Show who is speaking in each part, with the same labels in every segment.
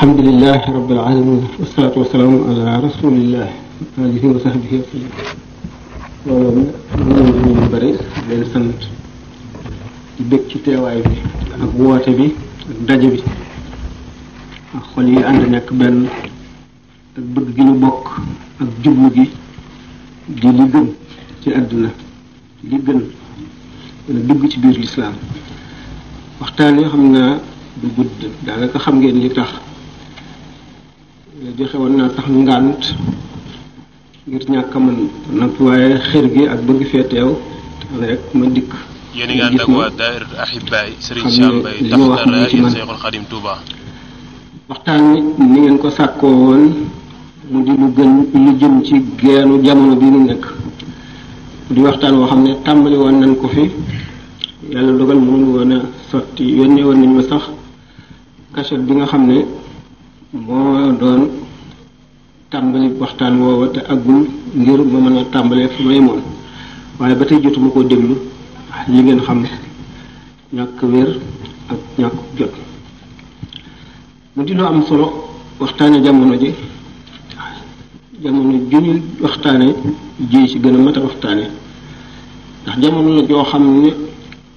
Speaker 1: alhamdulilah rabbil alamin wasalaatu wasalaamu ala rasulillah alihi wa sahbihi leen sant di ci teewaay bi ak woote bi ak daje bi ak xol yi ànd nekk benn ak bëgg gi ñu bokk ak jublu gi di li gën ci àdduna li gën dugg ci biir lislaam waxtaan yoo xam naa du gudd daanaka xam ngeen li tax joxe woon naa tax ngànt ngir ñàkk a mën nag waaye xër gi ak bëgg fee rek ma dikk. yéen a ngi ànd ak waa
Speaker 2: Daahira Ahibaay Serigne
Speaker 1: waxtaan ni ngeen ko sàkkoo woon mu di lu gën lu jëm ci geenu jamono bi ñu nekk di waxtaan woo xam ne tàmbali woon nañ ko fi yàlla dogal mënul woon sotti yónnee woon nañ ma sax kaset bi nga xam ne. boo doon tàmbali waxtaan woowa te àggul ngir ma mën a tàmbalee fa ma yemoon waaye ba tey jotuma koo déglu ah, li ngeen xam ñàkk wér ak ñàkk jot mu di am solo waxtaane jamono ji ah, jamono ju ñu waxtaane ji ci gën a mat a waxtaane ndax jamono la joo xam ne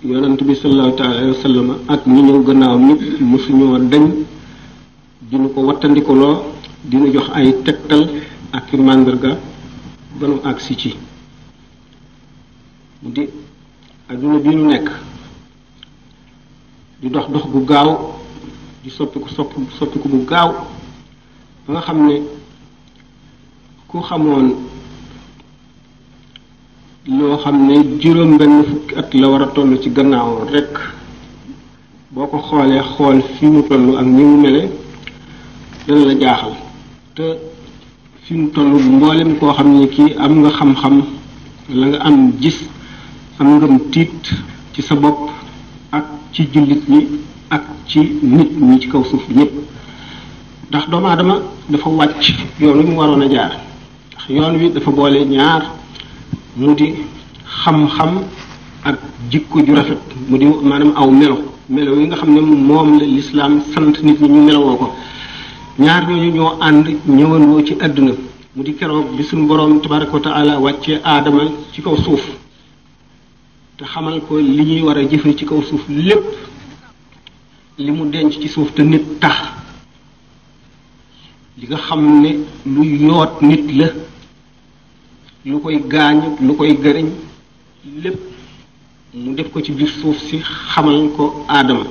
Speaker 1: yonent bi sallallahu taala alayhi wa sallam ak ñi ñëw gannaawam ñëpp mosuñoo dañ dinu ko wattandikuloo dina jox ay tegtal ak i màndarga ba nu agsi ci mu di adduna bi nu nekk di dox dox bu gaaw di soppiku sopp soppiku bu gaaw ba nga xam ne ku xamoon loo xam ne juróom benn fukki at la war a toll ci gannaaw rekk boo ko xoolee xool fi mu toll ak ni mu mele dana la jaaxal te fi mu toll mboolem koo xam ne kii am nga xam-xam la nga am gis am ngam tiit ci sa bopp ak ci jullit ñi ak ci nit ñi ci kaw suuf ñëpp ndax doomu aadama dafa wàcc yoon wi mu waroon a jaar ndax yoon wi dafa boole ñaar mu di xam-xam ak jikko ju rafet mu di maanaam aw melo melo yi nga xam ne moom la lislaam sant nit ñi ñu melowoo ko ñaar ñooñu ñoo ànd ñëwandoo ci àdduna mu di keroog bi suñu boroom tabaraka wa taala wàcce aadama ci kaw suuf te xamal ko li ñuy war a jëfe ci kaw suuf lépp li mu denc ci suuf te nit tax li nga xam ne lu yoot nit la lu koy gaañ lu koy gëriñ lépp mu def ko ci biir suuf si xamal ko aadama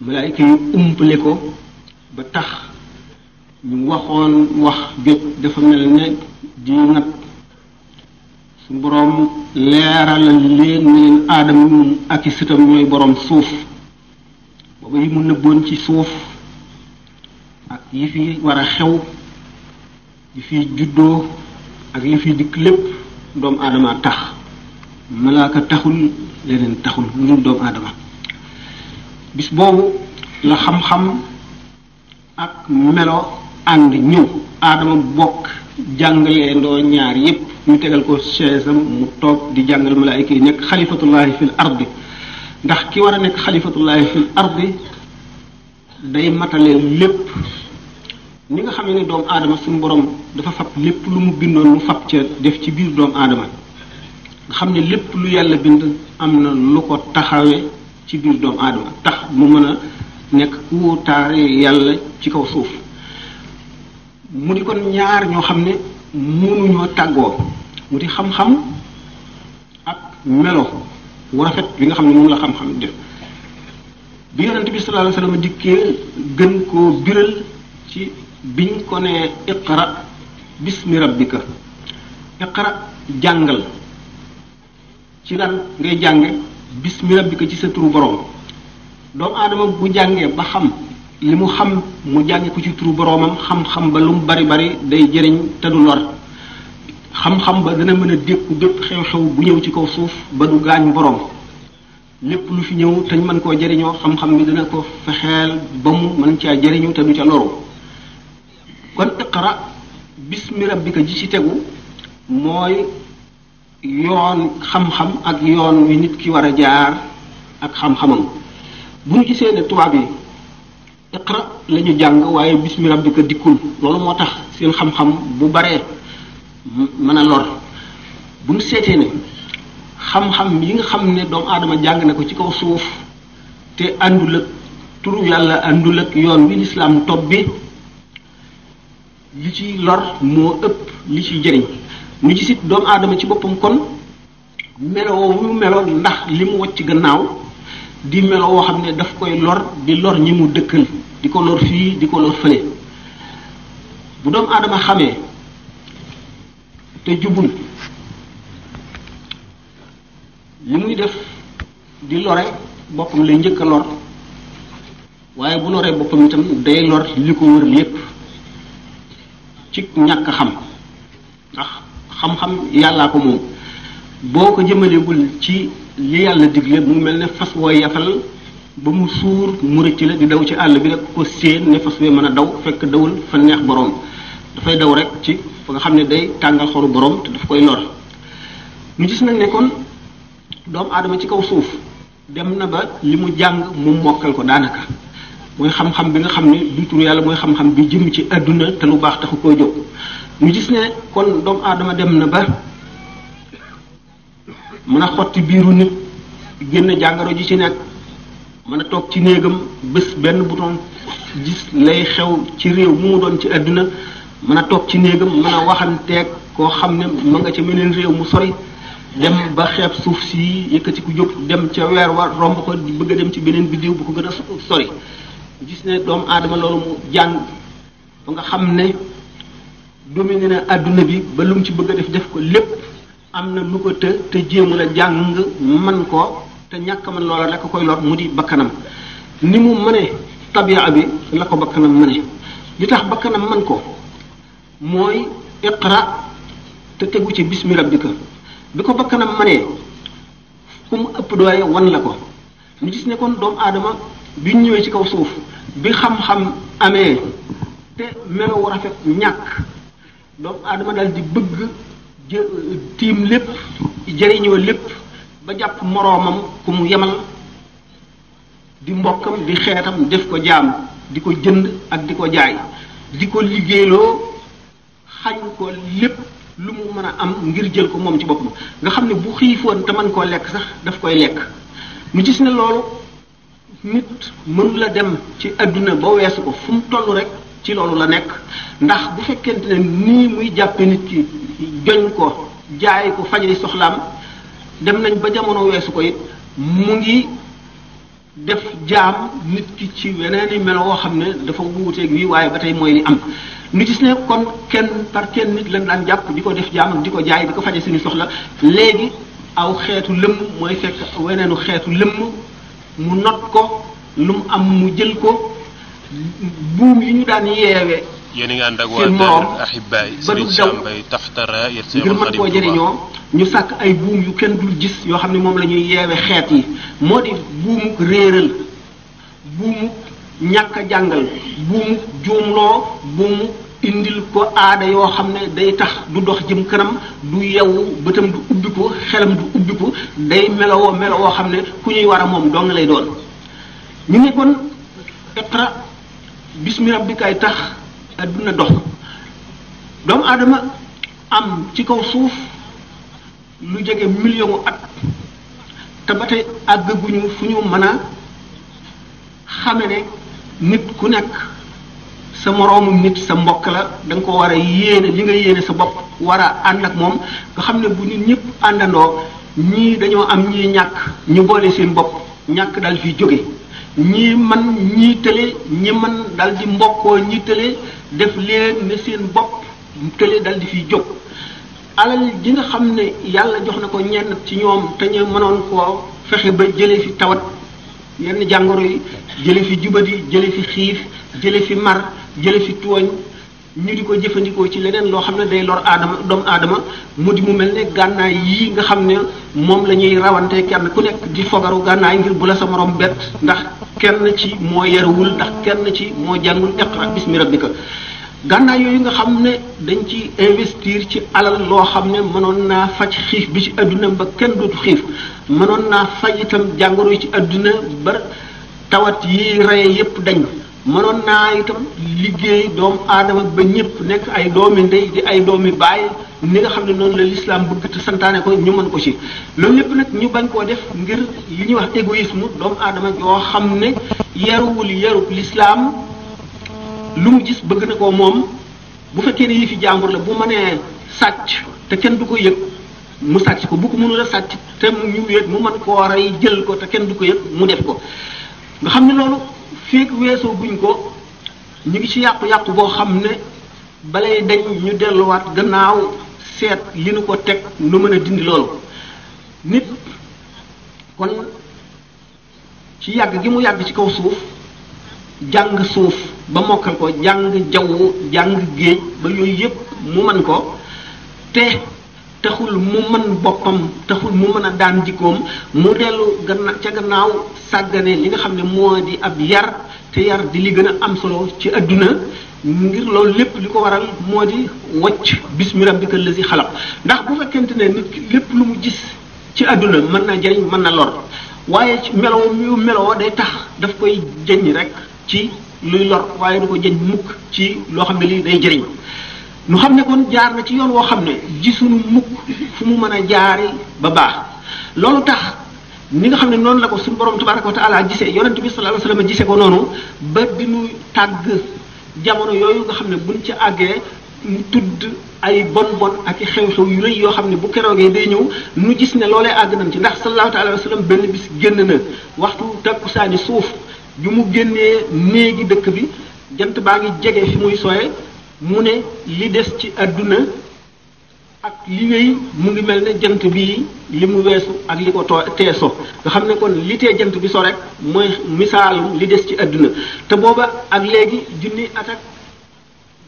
Speaker 1: malaayika yi umpale ko ba tax ñu waxoon wax jëpp dafa mel ne di nag su boroom leeralal leen leen aadama moom ak i sëtam ñooy boroom suuf booba yi mu nëbboon ci suuf ak yi fi war a xew yi fi juddoo ak yi fi dikk lépp doomu aadama tax malaaka taxul leneen taxul lu dul doomu aadama bis boobu la xam-xam ak melo ànd ñëw aadama bokk jàngalee ndoo ñaar yépp ñu tegal ko chaise mu toog di jàngal malaayika yi nekk xalifatullahi fil ardi ndax ki war a nekk xalifatullahi fil ardi day matale lépp ni nga xam ne doomu aadama suñu borom dafa fab lépp lu mu bindoon mu fab ca def ci biir doomu aadama nga xam ne lépp lu yàlla bind am na lu ko taxawe ci biir doomu aadama tax mu mën a nekk ku taare yàlla ci kaw suuf mu di kon ñaar ñoo xam ne mënuñoo tàggoo mu di xam-xam ak melo wu rafet bi nga xam ne moom la xam-xam def bi yonent bi sallallahu alayhi wa dikkee gën koo biral ci biñ ko nee iqra bismi rabbika iqra jàngal ci lan ngay jànge bismi rabbika ci sa turu boroom doomu aadama bu jàngee ba xam li mu xam mu jànge ko ci turu boroomam xam-xam ba lu mu bari bari day jariñ te du lor xam-xam ba dana mën a dékku bépp xew-xew bu ñëw ci kaw suuf ba du gaañ boroom lépp lu fi ñëw te ñu mën koo jëriñoo xam-xam bi dana ko fexeel ba mu mën ca jëriñu te du ca loru kon iqra bismi rabbika ji ci tegu mooy yoon xam-xam ak yoon wi nit ki war a jaar ak xam-xamam bu ñu gisee ne tubaab yi iqra lañu jàng waaye bismi rabbika dikkul loolu moo tax seen xam-xam bu baree mën a lor bu ñu seetee ne xam-xam yi nga xam ne doomu aadama jàng na ko ci kaw suuf te àndul ak turu yàlla àndul ak yoon wi topp bi li ci lor moo ëpp li ci jëriñ mu gisit doomu aadama ci boppam kon meloo mu meloo ndax li mu wacc gannaaw di melo woo xam ne daf koy lor di lor ñi mu dëkkal di ko lor fii di ko lor fële bu doomu aadama xamee te jubul li muy def di lore boppam lay njëkk a lor waaye bu loree boppam itam day lor li ko wër lépp ci ñàkk xam ndax xam-xam yàllaa ko moom boo ko jëmaleegul ci li yàlla digle mu mel ne fas woo yafal ba mu suur mu rëcc la di daw ci àll bi rek ko séen ne fas wee mën a daw fekk dawul fa neex boroom dafay daw rek ci fa nga xam ne day tàngal xoru borom te daf koy lor ñu gis nañ ne kon doomu aadama ci kaw suuf dem na ba li mu jàng mu mokkal ko daanaka mooy xam-xam bi nga xam ne du turu yàlla mooy xam-xam bi jëm ci àdduna te lu baax taxu koy jóg ñu gis ne kon doomu aadama dem na ba mën a xotti biiru nit génn jàngoro ji ci nekk mën a toog ci néegam bés benn bouton gis lay xew ci réew mu mu doon ci àdduna mën a toog ci néegam mën a waxanteeg koo xam ne ma nga ci meneen réew mu sori dem ba xeeb suuf si yëkkati ku jóg dem ca weer war romb ko bëgg a dem ci beneen biddiw bu ko gën a sori gis ne doom aadama loolu mu jàng ba nga xam ne dominé na àdduna bi ba lu ci bëgg a def def ko lépp am na lu ko të te jéemu la jàng man ko te ñàkk man loola rek koy lor mu di bakkanam ni mu mëne tabia bi la ko bakkanam mëne li tax bakkanam man ko mooy iqra te tegu ci bismi rabbika bi ko bakkanam mënee ku mu ëpp doole wan la ko ñu gis nekkoon doomu aadama bi ñëwee ci kaw suuf bi xam-xam amee te melo rafet ñàkk doomu aadama daal di bëgg tiim lépp jëriñoo lépp ba jàpp moroomam ku mu yemal di mbokkam di xeetam def ko jaam di ko jënd ak di ko jaay di ko liggéeyloo xañ ko lépp lu mu mën a am ngir jël ko moom ci boppam nga xam ne bu xiifoon te mën koo lekk sax daf koy lekk mu gis ne loolu nit mënula dem ci àdduna ba weesu ko fu mu toll rek ci loolu la nekk ndax bu fekkente ne nii muy jàppe nit ki joñ ko jaay ko fajari soxlaam dem nañ ba jamono weesu ko mu ngi def jaam nit ki ci weneen i melo woo xam ne dafa wuuteeg wii waaye ba tey mooy li am ñu gis ne kon kenn par kenn nit lañ daan jàpp di ko def jaam di ko jaay di ko faje suñu soxla léegi aw xeetu lëmm mooy fekk weneenu xeetu lëm mu not ko lu mu am mu jël ko buum yi ñu daan yeewe
Speaker 2: yéen a ngi ànd ak waa Daara Ahibaay Serigne Sam Mbaye taxtara ngir mën koo jëriñoo
Speaker 1: ñu sàkk ay buum yu kenn dul gis yoo xam ne moom la ñuy yeewe xeet yi moo di buumu réeral buumu ñàkk jàngal buumu juumloo buumu indil ko aada yoo xam ne day tax du dox jëm kanam du yewwu bëtam du ubbi ko xelam du ubbi ko day melowoo melowoo xam ne ku ñuy war a moom dong lay doon ñu ne kon iqra bismi rabbikaay tax adduna dox doomu aadama am ci kaw suuf lu jege million at te ba tey àggaguñu fu ñu mën a xam ne nit ku nekk sa moroomu nit sa mbokk la da nga ko war a yéene li nga yéene sa bopp war a ànd ak moom nga xam ne bu nit ñëpp àndandoo ñii dañoo am ñii ñàkk ñu boole seen bopp ñàkk daal fi jóge ñii man ñii tële ñi man daal di mbokkoo ñi tële def leen seen bopp tële daal di fi jóg alal ji nga xam ne yàlla jox na ko ñenn ci ñoom te ñu mënoon koo fexe ba jële fi tawat yenn jàngoro yi jële fi jubadi jële fi xiif jële fi mar jële fi tooñ ñu di ko jëfandikoo ci leneen loo xam ne day lor aadama doomu aadama mu di mu mel ne gànnaay yii nga xam ne moom la ñuy rawante kenn ku nekk di fogaru gànnaay ngir bu la sa morom bett ndax kenn ci moo yaruwul ndax kenn ci moo jàngul iqra bismi rabbika gànnaay yooyu nga xam ne dañ ci investir ci alal loo xam ne mënoon naa faj xiif bi ci adduna ba kenn dootu xiif mënoon naa faj itam jàngoro yi ci adduna ba tawat yi reye yépp dañ mënoon naa itam liggéey doomu aadama ba ñëpp nekk ay doomi ndey di ay doomi baay ni nga xam ne noonu la lislaam bëgg te santaane ko ñu mën ko ci loolu ñëpp nag ñu bañ koo def ngir li ñu wax égoïsme doomu aadama yoo xam ne yaruwul yarub lislaam lu mu gis bëgg na ko moom bu fekkee ne yi fi jàmbur la bu mënee sàcc te kenn du ko yëg mu sàcc ko bu ko mënul a sàcc te ñu yëg mu mën koo rey jël ko te kenn du ko yëg mu def ko nga xam ne loolu fii weesoo buñ ko ñu ngi ci yàqu-yàqu boo xam ne balay dañ ñu delluwaat gannaaw seet li nu ko teg nu mën a dindi loolu nit kon ci yàgg gi mu yàgg ci kaw suuf jàng suuf ba mokkal ko jàng jaw jàng géej ba yooyu yépp mu man ko te taxul mu mën boppam taxul mu mën a daan jikkoom mu dellu ganna ca gannaaw sàggane li nga xam ne moo di ab yar te yar di li gën a am solo ci adduna ngir loolu lépp li ko waral moo di wacc bi rabbika lazi xalaq ndax bu fekkente ne nit ki lépp lu mu gis ci adduna mën na jariñ mën na lor waaye ci meloo yu meloo day tax daf koy jëñ rek ci luy lor waaye du ko jëñ mukk ci loo xam ne lii day jëriñ nu xam ne kon jaar na ci yoon woo xam ne gisuñu mukk fu mu mën a jaari ba baax loolu tax ni nga xam ne noonu la ko suñu borom tabaraka wa taala gisee yonent bi sallallahu alayhi wasallam gisee ko noonu ba di nu tàgg jamono yooyu nga xam ne buñ ci àggee ñu ay bon bon ak i xew-xew yu rëy yoo xam ne bu keroogee day ñëw nu gis ne loolee àgg nañ ci ndax sallallahu alayhi wasallam benn bis génn na waxtu takkusaani suuf bi mu génnee néegi dëkk bi jant baa ngi jege fi muy sooyee mu ne li des ci àdduna ak li wéy mu ngi mel ne jant bii li mu weesu ak li ko too teeso nga xam ne kon li tee jant bi so rek mooy misaalum li des ci àdduna te booba ak léegi junni at ak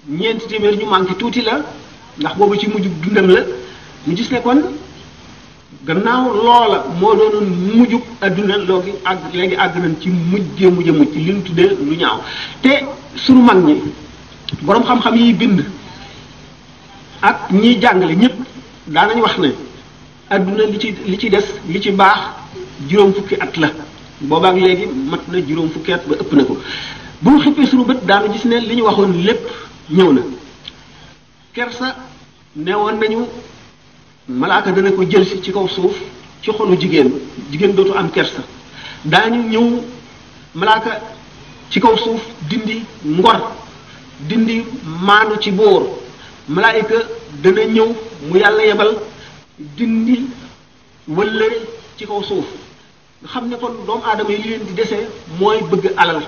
Speaker 1: ñeenti téeméer ñu manqué tuuti la ndax booba ci mujjub dundam la mu gis ne kon gannaaw loola moo doonoon mujjub àdduna loogi ak léegi àgg nañ ci mujje mujje mujj li ñu tuddee lu ñaaw te sunu mag ñi boroom xam-xam yi bind ak ñiy jàngale ñëpp daanañ wax ne adduna li ci li ci des li ci baax juróom fukki at la boobaak léegi mat na juróom fukki at ba ëpp na ko bu ñu xippee suñu bët daanu gis ne li ñu waxoon lépp ñëw na kersa neewoon nañu malaaka dana ko jël si ci kaw suuf ci xolu jigéen jigéen dootu am kersa daañu ñëw malaaka ci kaw suuf dindi ngor dindi maandu ci buur malaayika dana ñëw mu yàlla yebal dindi wëllëre ci kaw suuf nga xam ne kon doomu aadama yi li leen di dese mooy bëgg alal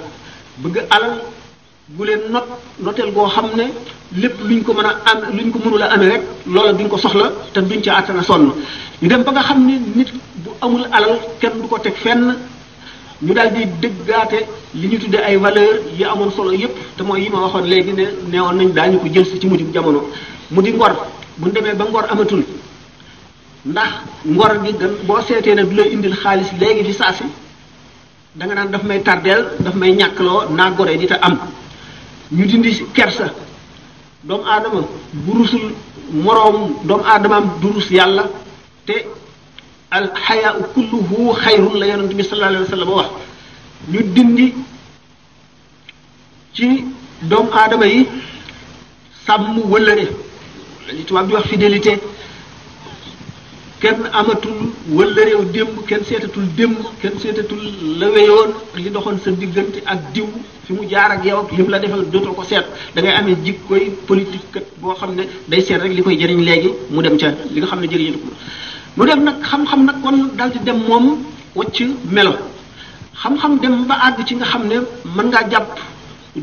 Speaker 1: bëgg alal gu leen not noteel goo xam ne lépp luñ ko mën a am luñ ko mënul a amee rek loola duñ ko soxla te duñ ci àttana sonn ñu dem ba nga xam ne nit bu amul alal kenn du ko teg fenn ñu daal di dëggaate li ñu tuddee ay valeur yi amoon solo yépp te mooy yi ma waxoon léegi ne neewoon nañ daañu ko jël si ci mujj jamono mu di ngor bu demee ba ngor amatul ndax ngor gi gan boo seetee ne du la indil xaalis léegi fi saa si da nga naan daf may tardeel daf may ñàkkloo naa gore di am ñu dindi kersa doomu aadama bu rusul moroom doomu aadamaam du rus yàlla te al xayaa kulluhu xayrun la yonent bi sallallahu alayhi wa sallam wax ñu dindi ci doomu aadama yi sàmm wëllëre la ñu tubaab di wax fidélité kenn amatul wëllëreew démb kenn seetatul démb kenn seetatul la weyoon li doxoon sa diggante ak diw fi mu jaar ak yow ak lim la defal dootoo ko seet dangay ngay amee jikkoy politique kat boo xam ne day seet rek li koy jëriñ léegi mu dem ca li nga xam ne jëriñu ko mu def nag xam-xam nag kon dal di dem moom wacc melo xam-xam dem ba àgg ci nga xam ne mën ngaa jàpp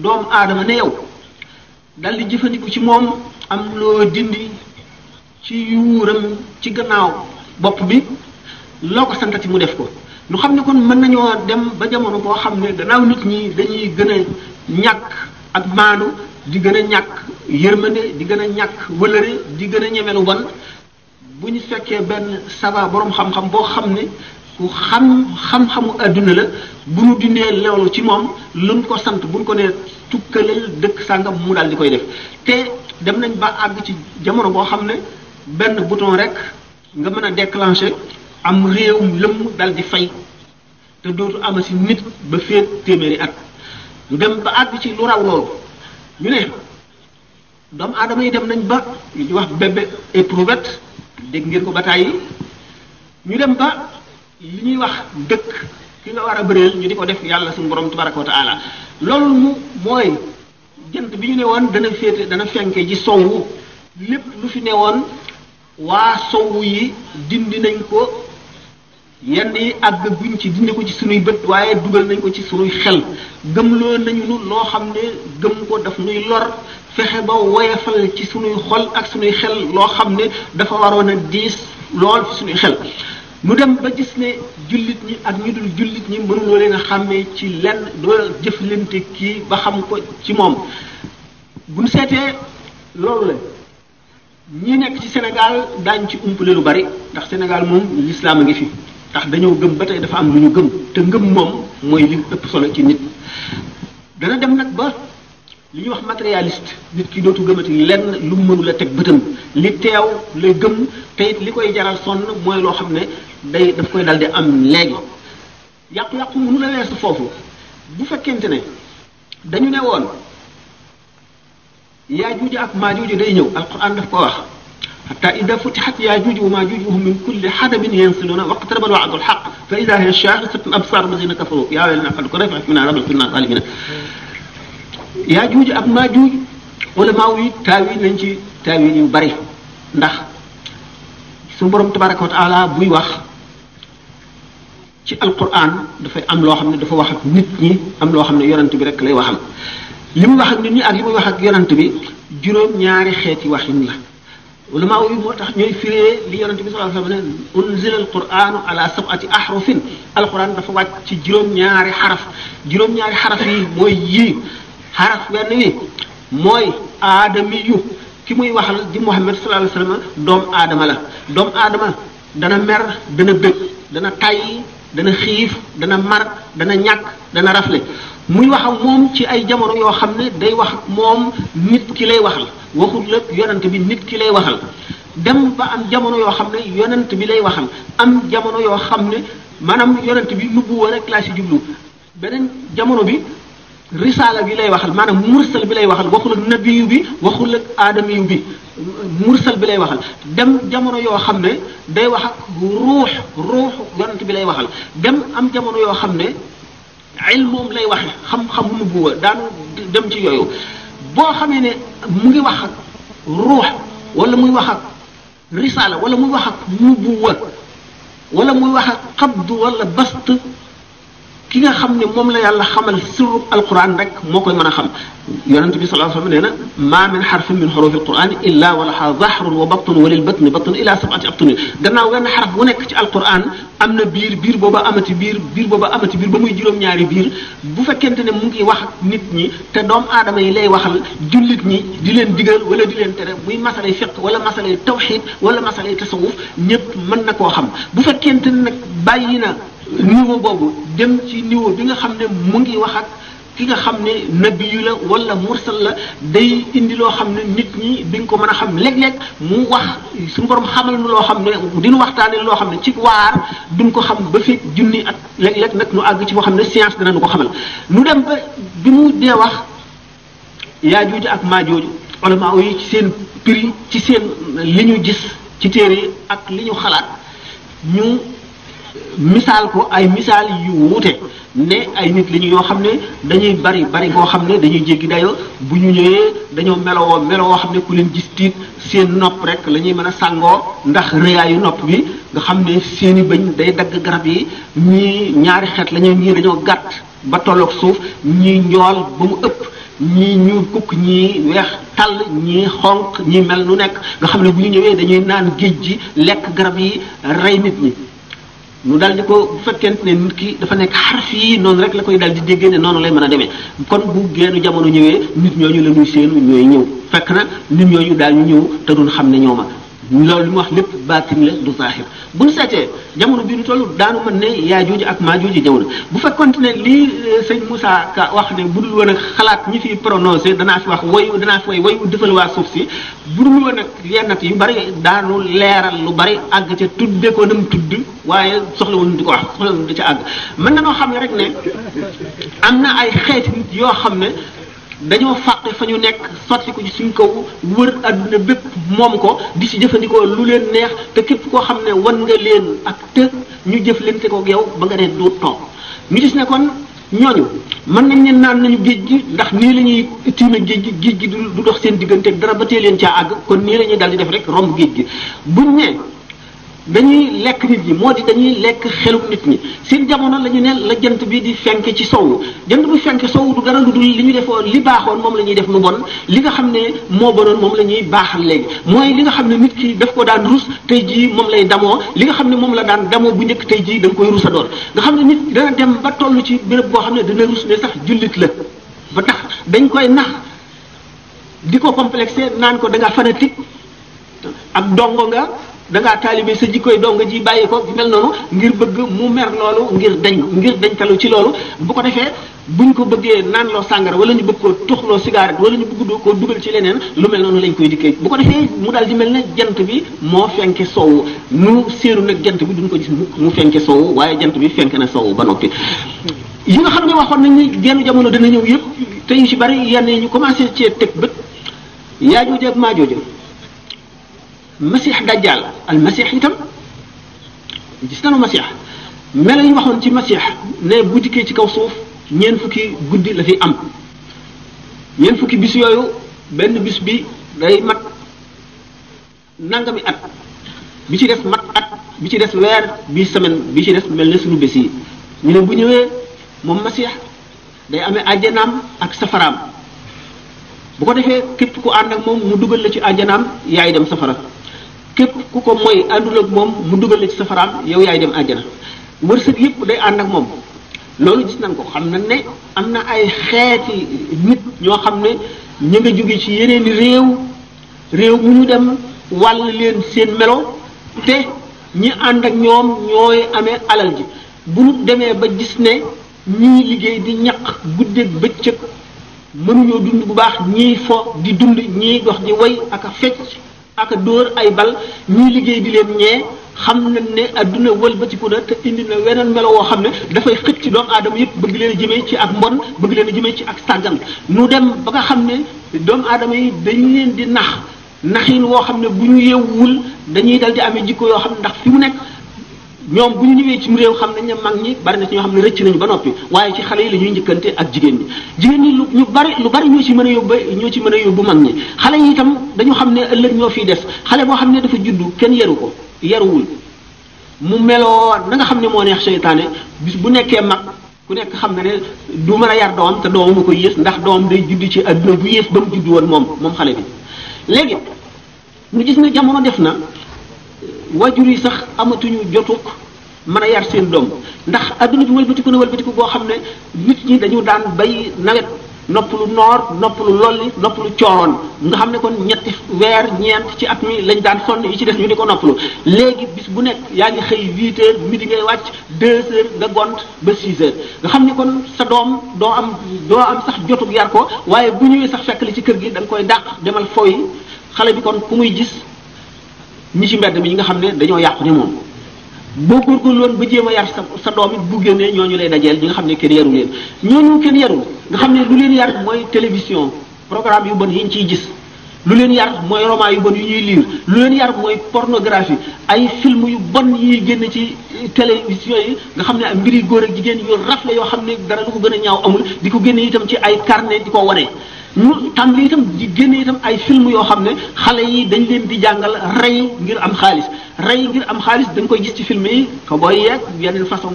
Speaker 1: doomu aadama ne yow dal di jëfandiku ci moom am loo dindi ci yuuram ci gannaaw bopp bi loo ko santati mu def ko lu xam ne kon mën nañoo dem ba jamono boo xam ne gannaaw nit ñi dañuy gën a ñàkk ak maandu di gën a ñàkk yërmande di gën a ñàkk wëlëre di gën a ñemelu bon bu ñu fekkee benn savant boroom xam-xam boo xam ne ku xam xam-xamu àdduna la bu ñu dindee loolu ci moom luñ ko sant buñ ko nee tukkaleel dëkk sàngam mu daal di koy def te dem nañ ba àgg ci jamono boo xam ne benn bouton rek nga mën a déclencher am réewum lëmm dal di fay te dootu ama nit ba féet téeméeri at ñu dem àgg ci lu raw loolu ñu ne doomu aadama yi dem nañ ba ñu wax bébé éprouvette dégg ngeen ko ba tàyyi ñu dem ba li ñuy wax dëkk ki nga war a bëreel ñu di ko def yàlla suñu borom tabaraka wa taala loolu mu mooy jant bi ñu ne woon dana féete dana fenke ji sowu lépp lu fi ne woon waa sowu yi dindi nañ ko yenn yi àgg guñ ci dindi ko ci sunuy bët waaye dugal nañ ko ci sunuy xel gëmloo nañu loo xam ne gëm ko daf nuy lor fexe ba woyefal ci suñuy xol ak suñuy xel loo xam ne dafa waroon a diis lool ci sunuy xel mu dem ba gis ne jullit ñi ak ñu jullit ñi mënuloo leen a xàmmee ci lenn doo jëflante kii ba xam ko ci moom bu ñu seetee loolu la ñi nekk ci Sénégal daañ ci umpale lu bari ndax Sénégal moom lislaam a ngi fi ndax dañoo gëm ba tey dafa am lu ñu gëm te ngëm moom mooy li ëpp solo ci nit dana dem nag ba li ñuy wax matérialiste nit ki dootu gëmati lenn lu mu mënul teg bëtam li teew lay gëm te li koy jaral sonn mooy loo xam ne day daf koy dal di am léegi yàqu-yàqu mënu la weesu foofu bu fekkente ne dañu ne woon yaajuuj ak maajuuj day ñëw alquran daf ko wax xata ida futihat yaajuuj wa maajuuj wa hum min kulli xadabin yansiluuna waqtaraba alwa'du alhaq fa ida hiya shaa'isatun absaar lazina kafaru yaa waylanaa qad kunaa fi yaa juuj ak maa juuj wala maaw yi taawil nañ ci taawil yu bari ndax suñu borom tabaraka wa taala buy wax ci alquran dafay am loo xam ne dafa wax ak nit ñi am loo xam ne yonent bi rek lay waxal li muy wax ak nit ñi ak li muy wax ak yonent bi juróom-ñaari xeeti waxin la wala maaw yi moo tax ñooy firee li yonent bi sallallahu alayhi wasallam ne unzila alquranu ala sab'ati ahrufin alquran dafa wàcc ci juróom-ñaari xaraf juróom-ñaari xaraf yi mooy yii xaraf wenn wi mooy aadami yu ki muy waxal di Muhammad sallallahu alayhi wasallam doom aadama la doom aadama dana mer dana bëgg dana tàyyi dana xiif dana mar dana ñàkk dana rafle muy wax moom ci ay jamono yoo xam ne day wax moom nit ki lay waxal waxul lépp yonent bi nit ki lay waxal dem ba am jamono yoo xam ne yonent bi lay waxal am jamono yoo xam ne maanaam yonent bi nubbu wala classe jublu beneen jamono bi risaala bi lay waxal maanaam mursal bi lay waxal waxul ak nabiyu bi waxul ak aadamiyu bi mursal bi lay waxal dem jamono yoo xam ne day wax ak ruux ruux yonent bi lay waxal dem am jamono yoo xam ne ilmoom lay waxe xam-xam nubuwa daanu dem ci yooyu boo xamee ne mu ngi wax ak ruux wala muy wax ak risaala wala muy wax ak nubuwa wala muy wax ak xabdu bast ki nga xam ne moom la yàlla xamal sirru alquran rek moo koy mën a xam yonente bi sallallahu alayhi wasallam nee na ma min xarfin min xurufi alquran illa wa laha zahrun wa batnun wa lil batni batnun ila sab'ati abtuni gannaaw wenn xaraf bu nekk ci alquran am na biir biir booba amati biir biir booba amati biir ba muy juróom-ñaari biir bu fekkente ne mu ngi wax nit ñi te doom aadama yi lay waxal jullit ñi di leen digal wala di leen tere muy masalay fiq wala masalay tawxid wala masalay tasawuf ñëpp mën na koo xam bu fekkente ne nag bàyyi na niveau boobu dem ci niveau bi nga xam ne mu ngi wax ak ki nga xam ne nabi yu la wala mursal la day indi loo xam ne nit ñi di nga ko mën a xam léeg-léeg mu wax suñu borom xamal nu loo xam ne diñu waxtaane loo xam ne ci waar duñ ko xam ba fii junni at léeg-léeg nag nu àgg ci boo xam ne science dana nu ko xamal nu dem ba bi mu dee wax yaa jooju ak maa jooju ulama yi ci seen prix ci seen li ñu gis ci téere yi ak li ñu xalaat ñu misaal ko ay misaal yu wuute ne ay nit lañu ñoo xam ne dañuy bari bari boo xam ne dañuy jéggi dayo bu ñu ñëwee dañoo melowoo melowoo xam ne ku leen gis tiit seen nopp rek la ñuy mën a sàngoo ndax rëyaayu nopp bi nga xam ne seeni bëñ day dagg garab yi ñii ñaari xeet lañu ñii dañoo gàtt ba tolloog suuf ñii njool ba mu ëpp ñii ñuul kukk ñii weex tàll ñii xonq ñii mel nu nekk nga xam ne bu ñu ñëwee dañuy naan géej gi lekk garab yi rey nit ñi mu daal di ko bu ne nit ki dafa nekk xaraf yi noonu rek la koy daal di déggee noonu lay mën a demee kon bu geenu jamono ñëwee nit ñooñu la ñuy séenu ñooy ñëw fekk na nit ñooñu daal ñu ñëw te duñ xam ne ñoo ma loolu li mu wax lépp baatin la du zahir bu ñu seetee jamono bii ñu toll daanu mën ne yaa jooju ak maa jooju ñëw na bu fekkoon ne lii euh, sëñ Moussa Ka wax ne budul woon ak xalaat ñi fi prononcé danaa fi wax woyu danaa fi way woyu defal waa suuf si budul woon ak yennat yu bari daanu leeral lu bari àgg ca tudde ko nam tudd waaye soxla woon di ko wax soxla woon di ca àgg mën na noo xam ne rek ne am na ay xeeti yoo xam ne dañoo fàq fa ñu nekk sotti ko ci suñ kaw wër adduna bépp moom ko di ci jëfandikoo lu leen neex te képp koo xam ne wan nga leen ak të ñu jëf ko ak yow ba nga ne du toog ñu gis ne kon ñooñu mën nañ ne naan nañu géej gi ndax nii la ñuy tiime géej gi géej gi du dox seen diggante dara ba tee leen caa àgg kon nii la ñuy daal di def rek romb géej gi buñ ne dañuy lekk nit ñi moo di dañuy lekk xeluk nit ñi seen jamono la ñu ne la jant bi di fenk ci sowu jant buy fenk sowu du dara lu dul li ñu defoon li baaxoon moom la ñuy def mu bon li nga xam ne moo bonoon moom la ñuy baaxal léegi mooy li nga xam ne nit ki daf ko daan rus tey jii moom lay damoo li nga xam ne moom la daan damoo bu njëkk tey jii da nga koy rusa doon nga xam ne nit dana dem ba toll ci bërëb boo xam ne dina rus ne sax jullit la ba tax dañ koy nax di ko complexé naan ko da nga fanatique ak dongo nga dangaa taalibe sa jikkooy donga ji bàyyi ko mel noonu ngir bëgg mu mer loolu ngir dañ ngir dañ talu ci loolu bu ko defee bu ñu ko bëggee naan loo sàngara wala ñu bëgg ko tuxloo cigarette wala ñu bëgg ko dugal ci leneen lu mel noonu lañ koy dikkee bu ko defee mu daal di mel na jant bi moo fenke sow mu séeru nag jant bi duñ ko gis mu fenke sow waaye jant bi fenk na sow ba noppi yi nga xam ne waxoon nañ ni genn jamono dana ñëw yëpp te yu ci bari yenn yi ñu commencé cee teg bët yaa jooju ak maa masix dajjal al masix itam gis nanu masix melo yi waxoon ci masix ne bu dikkee ci kaw suuf ñeent fukki guddi la fi am ñeent fukki bis yooyu benn bis bi day mat bi at bi ci des mat at bi ci des weer bi semaine bi ci des mel ni suñu bés yi ñu ne bu ñëwee moom masix day amee àjjanaam ak safaraam bu ko defee képp ku ànd ak moom mu dugal la ci àjjanaam yaay dem safara képp ku ko mooy àndul ak moom mu dugalee ci safaraam yow yaay dem àjjana wërsëg yëpp day ànd ak moom loolu gis nañ ko xam na ne am na ay xeeti nit ñoo xam ne ñu nga jóge ci yeneen réew réew mu ñu dem wàll leen seen melo te ñi ànd ak ñoom ñooy amee alal ji bu demee ba gis ne ñii liggéey di ñaq guddeeg bëccëg mënuñoo dund bu baax ñii fo di dund ñii dox di way ak a fecc ak dóor ay bal ñuy liggéey bi leen ñee xam nañ ne adduna wëlbatiku na te indi na weneen melo woo xam ne dafay ci doomu aadama yëpp bëgg leen a jëmee ci ak mbon bëgg leen a jëmee ci ak sàggan nu dem ba nga xam ne doomu aadama yi dañu leen di nax naxin woo xam ne bu ñu yeewul dañuy dal di amee jikko yoo xam ne ndax fi mu nekk ñoom bu ñu ñëwee ci réew xam nañ ne mag ñi bari na ci ñoo xam ne rëcc nañu ba noppi waaye ci xale yi la ñuy njëkkante ak jigéen ñi jigéen ñi lu ñu bari lu bari ñoo ci mën a yóbbu ñoo ci mën a yóbbu mag ñi xale yi itam dañu xam ne ëllëg ñoo fiy des xale boo xam ne dafa juddu kenn yaru ko yaruwul mu meloo na nga xam ne moo neex seytaane bis bu nekkee mag ku nekk xam na ne du mën a yar doom te doom mu ko yées ndax doom day judd ci adduna bu yées ba mu judd woon moom moom xale bi léegi ñu gis ne jamono def na wajur yi sax amatuñu jotuk mën a yar seen doom ndax adduna bi wëlbatiku na wëlbatiku boo xam ne nit ñi dañu daan bay nawet nopp lu noor nopp lu lolli nopp lu cooroon nga xam ne kon ñetti weer ñeent ci at mi lañ daan sonn yi ci des ñu di ko noppalu léegi bis bu nekk yaa ngi xëy 8 heures midi ngay wàcc 2 heures nga gont ba 6 nga xam ne kon sa doom doo am doo am sax jotug yar ko waaye bu ñëwee sax fekk li ci kër gi da koy dàq demal fooy xale bi kon ku muy gis ñi ci mbedd mi ñi nga xam ne dañoo yàqu ni moom boo góorgóorloon ba jéem a yar sa sa doom it bu génnee ñooñu lay dajeel ñi nga xam ne kenn yaru leen ñooñu kenn yarul nga xam ne lu leen yar mooy télévision programme yu bon yi ñu ciy gis lu leen yar mooy roman yu bon yu ñuy lire lu leen yar mooy pornographie ay film yu bon yuy génn ci télévision yi nga xam ne ak mbiri góor ak jigéen yu raf la yoo xam ne dara lu ko gën a ñaaw amul di ko génne itam ci ay carnet di ko wane mu tàmbali itam di génne itam ay film yoo xam ne xale yi dañ leen di jàngal rey ngir am xaalis rey ngir am xaalis dañ koy gis ci film yi ko booy yeeg yeneen façon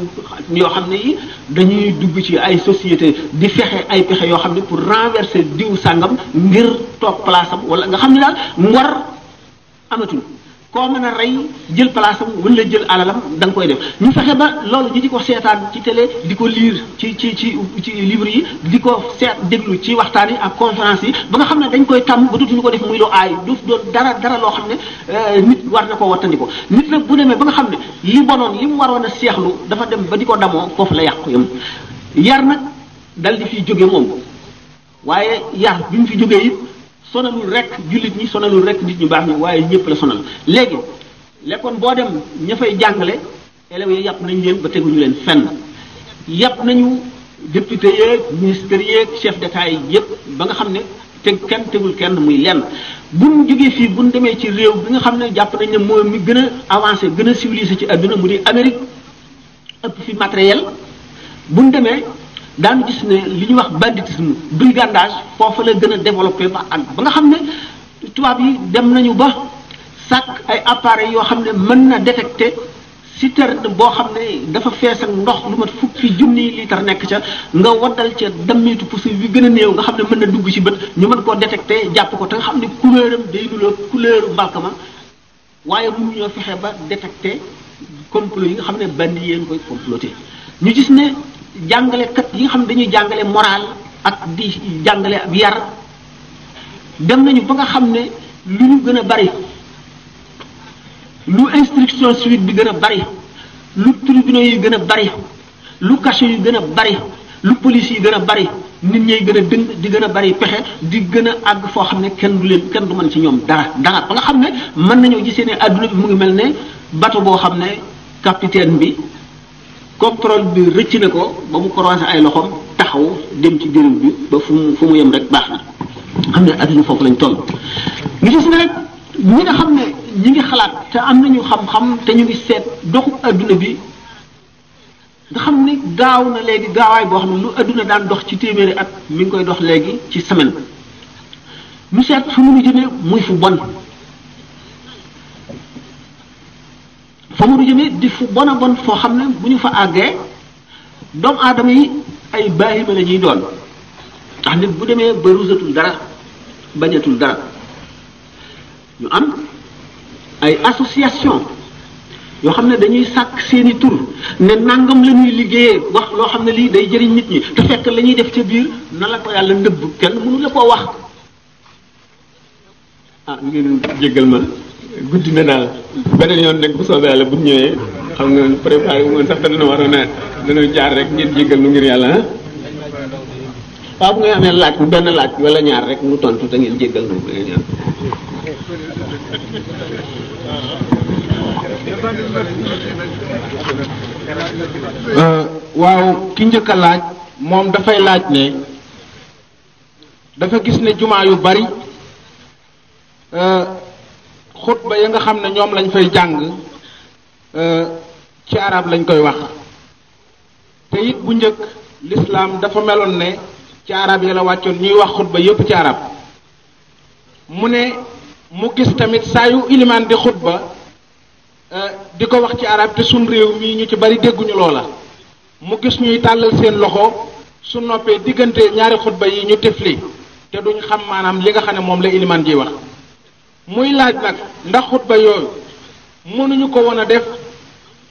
Speaker 1: yoo xam ne yi dañuy dugg ci ay société di fexe ay pexe yoo xam ne pour renverser diw sàngam ngir toog place am wala nga xam ne daal mu war amatul koo mën a rey jël place am wala jël alalam da nga koy def ñu fexe ba loolu ñu di ko seetaan ci télé di ko lire ci ci ci livre yi di ko seet déglu ci waxtaan yi ak conférence yi ba nga xam ne dañ koy tam ba dootuñu ko def muy lu aay du doon dara dara loo xam ne euh, nit war na ko wattandiko nit nag bu demee ba nga xam ne li bonoon li mu waroon a seexlu dafa dem ba di ko damoo foofu la yàqu yam yar nag dal di fiy jóge moom waaye yar bi mu fi jógee it sonalul rek jullit ñi sonalul rek nit ñu baax ñi waaye ñëpp la sonal léegi lekkoon boo dem ña fay jàngale élèves yi yàpp nañ leen ba teguñu leen fenn yàpp nañu député yeeg ministère yeeg chef d'état yi yëpp ba nga xam ne teg kenn tegul kenn muy lenn buñ jógee fii buñ demee ci réew bi nga xam ne jàpp nañ ne mooy mi gën a avancé gën a civilisé ci adduna mu di Amérique ëpp fi matériel buñ demee daanu gis ne li ñu wax banditisme brigandage foofa la gën a développé ba ànd ba nga xam ne tubaab yi dem nañu ba sàkk ay appareils yoo xam ne mën na détecté citerne boo xam ne dafa fees ak ndox lu mat fukki junni litre nekk ca nga waddal ca dammitu pousse bi gën a néew nga xam ne mën na dugg ci bët ñu mën koo détecté jàpp ko te nga xam ne couleuram day nuloo couleuru mbalka ma waaye mënu ñoo fexe ba détecté complot yi nga xam ne bandi yéen koy comploté jàngale jàngalekat yi nga xam ne dañuy jàngale moral ak di jàngale ab yar dem nañu ba nga xam ne lu ñu gën a bari lu instruction suite bi gën a bari lu tribunaux yi gën a bari lu cachet yu gën a bari lu police yi gën a bari nit ñay gën a dëng di gën a bari pexe di gën a àgg foo xam ne kenn du leen kenn du man ci ñoom dara dara ba nga xam ne mën nañoo gisee ne àdduna bi mu ngi mel ne bato boo xam ne capitaine bi contrôle bi rëcc na ko ba mu croisé ay loxoom taxaw dem ci déréw bi ba fu mu fu mu yem rek baax na xam ne adduna foofu lañ toll ñu gis ne rek ñi nga xam ne ñi ngi xalaat te am na ñu xam-xam te ñu ngi seet doxu adduna bi nga xam ne gaaw na léegi gaawaay boo xam ne lu adduna daan dox ci téeméeri at mi ngi koy dox léegi ci semaine ñu seet fu mu jëmee muy fu bon fa mu jëmee di fu bon a bon foo xam ne bu ñu fa àggee doomu aadama yi ay baahima la doon ndax nit bu demee ba rusatul dara bañatul dara ñu am ay association yoo xam ne dañuy sàkk seeni tur ne nangam la ñuy liggéeyee wax loo xam ne lii day jëriñ nit ñi te fekk la def ca biir na la ko yàlla ndëbb kenn mënu la koo wax ah ngeen jéggal ma guddi na daal beneen yoon nag bu soobee yàlla bu ñëwee xam nga préparé wu woon sax dana waroon a dana jaar rek ngeen jéggal nu ngir yàlla ah. waaw bu ngay amee laaj bu benn laaj wala ñaar rek mu tontu te ngeen jéggal nu ngeen euh, ñaan. waaw ki njëkk a laaj moom dafay laaj ne dafa gis ne jumaa yu bari euh, xutba ya nga xam ne ñoom lañ fay jàng euh, ci arab lañ koy wax te it bu njëkk lislaam dafa meloon ne ci arab yi la wàccoon ñuy wax xutba yépp ci arab mu ne mu gis tamit saa yu ilimaan di xutba euh, di ko wax ci arab te suñ réew mii ñu ci bari dégguñu loola mu gis ñuy tàllal seen loxo su noppee diggante ñaari xutba yi ñu tifli te duñ xam maanaam li nga xam ne moom la ilimaan ji wax muy laaj nag ndax xutba yooyu mënuñu ko woon a def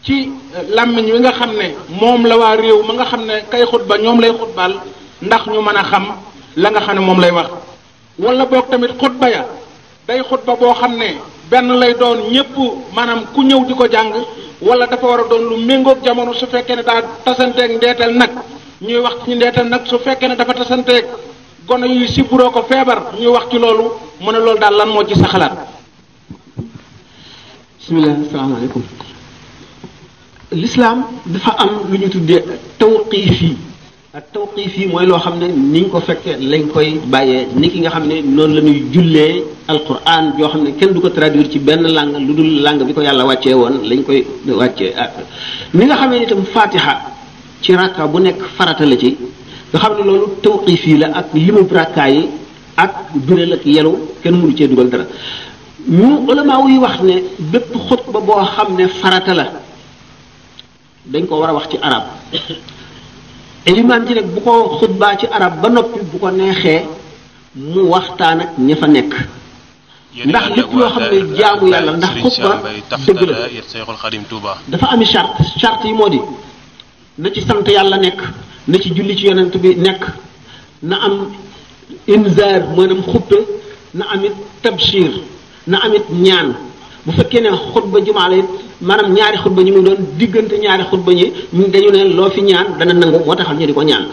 Speaker 1: ci euh, làmmiñ wi nga xam ne moom la waa réew ma nga xam ne kay xutba ñoom lay xutbal ndax ñu mën a xam la nga xam ne moom lay wax wala boog tamit xutba ya day xutba boo xam ne benn lay doon ñépp maanaam ku ñëw di ko jàng wala dafa war a doon lu méngoog jamono su fekkee ne daa tasanteeg ndeetal nag ñuy wax ci ndeetal nag su fekkee ne dafa tasanteeg gone yu sibburoo ko feebar ñu wax ci loolu mu ne loolu daal lan moo ci sa xalaat bismillah asalaamaaleykum l'islam dafa am lu ñu tuddee tawqiif yi ak tawqiif yi mooy loo xam ne ni ñu ko fekkee lañ koy bàyyee ni ki nga xam ne noonu la ñuy jullee alquran joo xam ne kenn du ko traduire ci benn langue lu dul langue bi ko yàlla wàccee woon lañ koy wàccee ni nga xamee ne itam fatiha ci rakka bu nekk farata la ci nga xam ne loolu tawqif yi la ak limu rakkaa yi ak duréel ak yelu kenn mënu cee dugal dara ñu ulama yi wax ne bépp xutba boo xam ne farata la dañ ko war a wax ci arab élimaan ji rek bu ko xutbaa ci arab ba noppi bu ko neexee mu waxtaan ak ña fa nekk
Speaker 2: ndax lépp loo xam ne jaamu yàlla ndax xutba dëgg la
Speaker 1: dafa ami charte charte yi moo di na ci sant yàlla nekk na ci julli ci yonent bi nekk na am inzar maanaam xuppe na amit tabshir na amit ñaan bu fekkee ne xutba jumaa la maanaam ñaari xutba ñi mu doon diggante ñaari xutba ñi dañu ne loo fi ñaan dana nangu moo taxal ñu di ko ñaan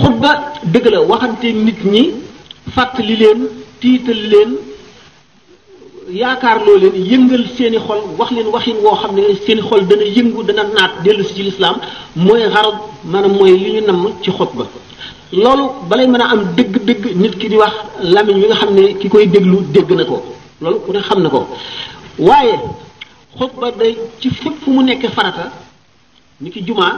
Speaker 1: xutba dëgg la waxante nit ñi fàttali leen tiital leen yaakaar loo leen yëngal seeni i xol wax leen waxin woo xam ne seeni i xol dana yëngu dana naat dellu si ci lislaam mooy xarab maanaam mooy li ñu namm ci ba loolu balay mën a am dëgg-dëgg nit ki di wax làmmiñ wi nga xam ne ki koy déglu dégg na ko loolu ku ne xam ne ko waaye xutba day ci fépp fu mu nekk farata ni ki jumaa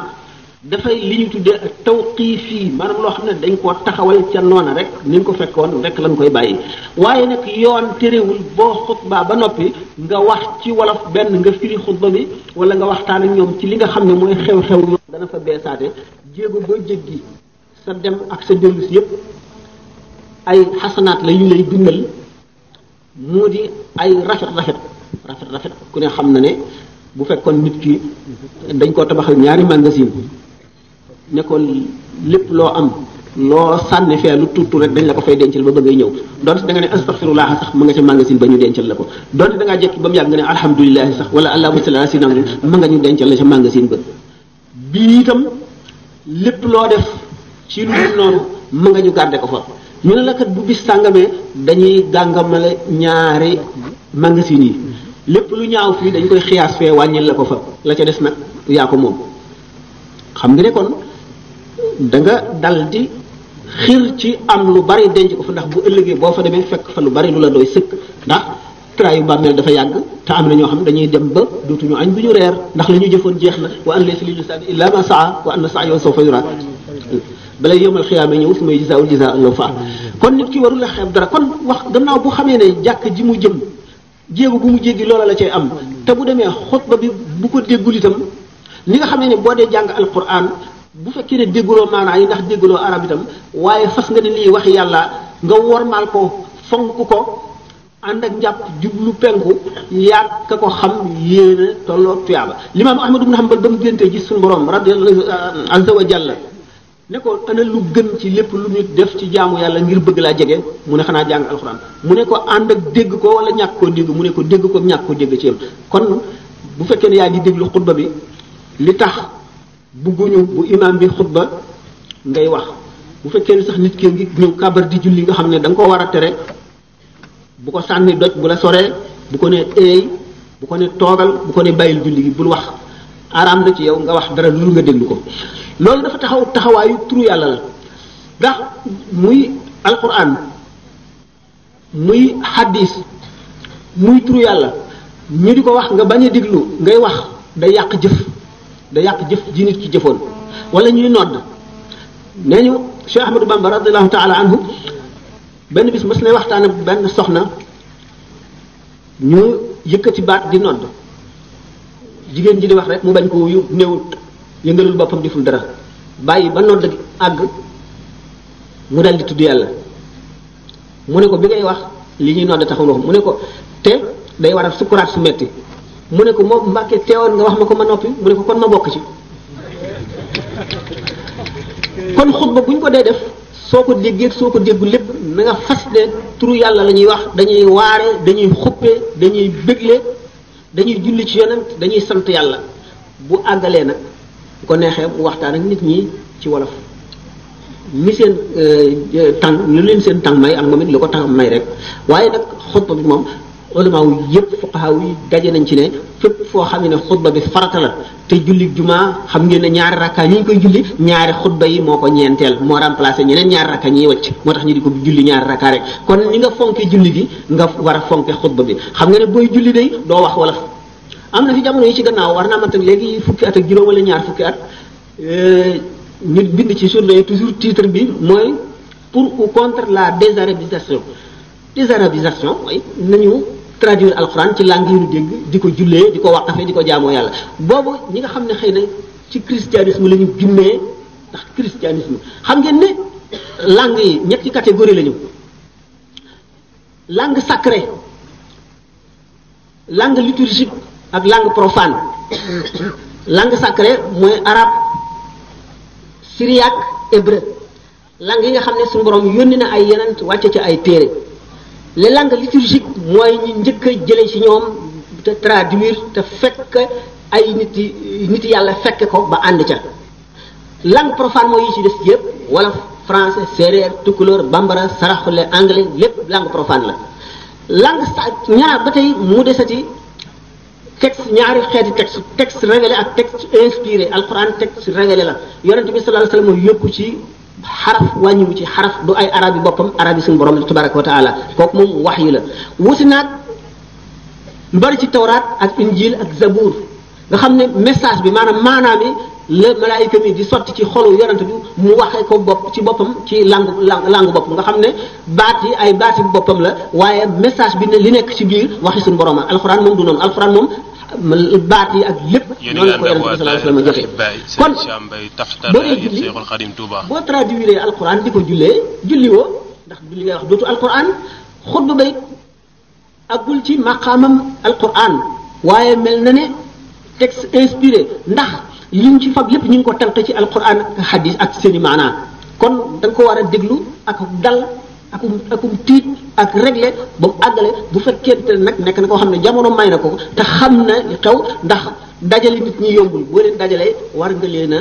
Speaker 1: dafay li ñu tuddee ak tawqiif yi maanaam loo xam ne dañ koo taxawal ca noona rek ni ñu ko fekkoon rek lañ koy bàyyi waaye nag yoon terewul boo xutbaa ba noppi nga wax ci wolof benn nga firi xutba bi wala nga waxtaan ak ñoom ci li nga xam ne mooy xew-xew ñoom dana fa beesaate jéego boo jéggi sa dem ak sa dellu si yépp ay xasanaat la yu lay dundal moo di ay rafet rafet rafet rafet ku ne xam na ne bu fekkoon nit ki dañ koo tabaxal ñaari magasin nekkoon lépp loo am loo sànni fee lu tuttu rek dañ la ko fay dencal ba ba ngay ñëw donte da nga ne astaxfirullah sax ma nga ca magasin ba ñu dencal la ko donte da ngaa jekki ba mu yàgg nga ne alhamdulilah sax wala allahumma salli ala sayyidina ma nga ñu dencal la ca magasin ba bii itam lépp loo def ci lu noonu ma nga ñu gàdde ko fa ñu ne la kat bu bis sàngamee dañuy gàngamale ñaari magasin yi lépp lu ñaaw fii dañ koy xiyaas fee wàññil la ko fa la ca des nag yaa ko nga ne kon da nga dal di xir ci am lu bari denc ko fa ndax bu ëllëgee boo fa demee fekk fa lu bari lu la doy sëkk ndax traayu bàmmeel dafa yàgg te am na ñoo xam dañuy dem ba dootuñu añ bu ñu reer ndax la ñu jëfoon jeex na wa an laysa lil insaani illaa ma saa wa anna sa'yahu sawfa yuraa bala yowmal xiyaama ñëw su may jisaawul jisaa loo fa kon nit ki warul a xeeb dara kon wax gannaaw bu xamee ne jàkk ji mu jëm jéego bu mu jéggi loola la cay am te bu demee xutba bi bu ko déggul itam li nga xamee ne boo dee jàng alquran bu fekkee ne dégguloo maanaa yi ndax dégguloo arab itam waaye fas nga ne lii wax yàlla nga wormaal ko fonk ko ànd ak njàpp jublu penku yaag ka ko xam yéena tolloo tuyaaba limaam ahmad ibn hanbal ba mu géntee gis suñu borom radiyallahu uh, azza wa jalla ne ko ana lu gën ci lépp lu nit def ci jaamu yàlla ngir bëgg laa jege mu ne xanaa jàng alxuraan mu ne ko ànd ak dégg ko wala ñàkk koo dégg mu ne ko dégg ko ñàkk koo dégg ci kon bu fekkee ne yaa di déglu xutba bi tax bugguñu bu imaam bi xutba ngay wax bu fekkee ni sax nit ki ngi ñëw kabar di julli nga xam ne da ko war a tere bu ko sànni doj bu la soree bu ko ne eey bu ko ne toogal bu ko ne bàyyil julli gi bul wax araam na ci yow nga wax dara lu nga déglu ko loolu dafa taxaw taxawaayu tur yàlla la ndax muy alquran muy hadis muy turu yàlla ñu di ko wax nga bañ a déglu ngay wax day yàq jëf da yàq jëf ji nit ki jëfoon wala ñuy nodd nee ñu Cheikh Ahmadou Bamba radiallahu taala anhu benn bis mas nay waxtaan ak benn soxna ñu yëkkati baat di nodd jigéen ji di wax rek mu bañ ko yu néewul yëngalul boppam diful dara bàyyi ba nodd gi àgg mu dal di tudd yàlla mu ne ko bi ngay wax li ñuy nodd taxul wax mu ne ko te day waral sukkuraat su metti mu ne ko moom Mbàkke teewoon nga wax ma ko ma noppi mu ne ko kon ma bokk ci kon xutba bu ñu ko dee def soo ko déggee soo ko déggu lépp na nga fas ne turu yàlla la ñuy wax dañuy waare dañuy xuppe dañuy bégle dañuy julli ci yonent dañuy sant yàlla bu àggalee nag ko neexee mu waxtaan ak nit ñi ci wolof mi seen euh, tàng lu leen seen tàng may ak moom it lu ko tax may rek waaye nag xutba bi moom ulama yi yëpp fuqaha yi daje nañ ci ne fépp foo xam ne xutba bi farata la te julli juma xam ngeen ne ñaari rakka ñi ngi koy julli ñaari xutba yi moo ko ñeenteel moo remplacé ñeneen ñaari rakka ñiy wacc moo tax ñu di ko julli ñaari rakka rek kon ni nga fonke julli gi nga war a fonke xutba bi xam nga ne booy julli day doo wax wala am na fi jamono yi ci gannaaw war naa man tam léegi fukki at ak juróom wala ñaar fukki at euh, ñu bind ci journée toujours titre bi mooy pour ou contre la désarabisation désarabisation mooy nañu traduire alxuraan ci langue yu ñu dégg di ko jullee di ko wàqafe di ko jaamoo yàlla boobu ñi nga xam ne xëy na ci christianisme lañu ñu jummee ndax christianisme xam ngeen ne langue yi ñetti catégorie la ñu langue sacrée langue liturgique ak langue profane langue sacrée mooy arabe syriaque hébreu langue yi nga xam ne suñu borom yónni na ay yeneen wàcce ci ay téere li langue liturgique mooy ñu njëkk a jëlee ci ñoom te traduire te fekk ay nit nit yàlla fekke ko ba ànd ca langue profane mooy yi ci des yépp wala français séeréer couleur bambara saraxule anglais lépp langue profane la langue sa ñaar ba tey mu desati texte ñaari xeeti texte texte révélé ak texte inspiré alquran texte révélé la yonent bi sallallahu alayhi wasallam yokku ci xaraf wàññiwu ci xaraf du ay arab yi boppam arab yi suñu borom la tabaraka wa taala kooku moom wax yi la wuti naag lu bari ci tawraat ak injil ak zabour nga xam ne message bi maanaam maanaam yi la malaayika mi di sotti ci xolu yonante bi mu waxee ko bopp ci boppam ci langu langu bopp nga xam ne baat yi ay baati boppam la waaye message bi ne li nekk ci biir waxi suñu borom alxuraan moom du noonu alxuraan moom baat yi ak
Speaker 2: lépp noonu la ko yonent bi sallallahu alayhi wasallam joxe kon boo dee julli boo
Speaker 1: traduire alquran di ko jullee julli woo ndax julli ngay wax dootu alquran xutba bay agul ci maqaamam alquran waaye mel na ne texte inspiré ndax liñ ci fab lépp ñu ngi ko tànq ci alquran ak hadis ak seeni maanaa kon da ko war a déglu ak dal akum akum tiit ak regle ba mu àggale bu fekkente nag nekk na koo xam ne jamono may na ko te xam na xew ndax dajale nit ñi yombul boo leen dajalee war nga leen a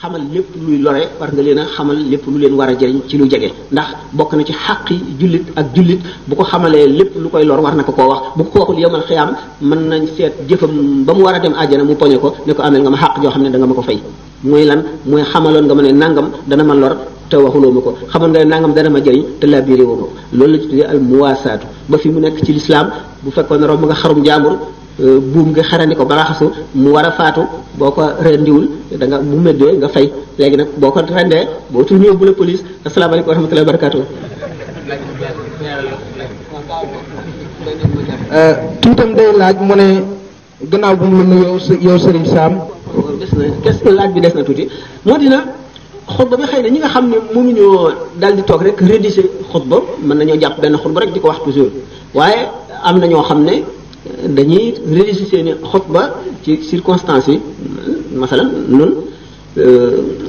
Speaker 1: xamal lépp luy lore war nga leen a xamal lépp lu leen war a jëriñ ci lu jege ndax bokk na ci xaqi jullit ak jullit bu ko xamalee lépp lu koy lor war na ko koo wax bu ko waxul yomal xiyaam mën nañ seet jëfam ba mu war a dem àjjana mu poñe ko ne ko amel nga ma xaq joo xam ne danga ma ko fay muy lan muy xamaloon nga ma ne nangam dana ma lor te waxuloo ma ko xamoon nga ne nangam dana ma jëriñ te labiré woo ko loolu la ci tuddee al ba fi mu nekk ci lislaam bu fekkoon ne romb nga xarum jaambur euh, buum nga xarandi ko baraxasu mu war a faatu boo ko rendiwul da nga mu meddee nga fay léegi nag boo ko rendee boo tu ñëw bu la police asalaamaaleykum wa rahmatullahi wa barakatuh kiitam day laaj mu ne gannaaw bu mu la nuyoo yow Serigne Sam des na kes laaj bi des na tuuti moo dina xutba bi xëy na ñi nga xam ne mënuñoo daal di toog rek rédiger xutba mën nañoo jàpp benn xutba rek di ko wax toujours waaye am na ñoo xam ne dañuy rédiger seeni xutba ci circonstances yi masalan nun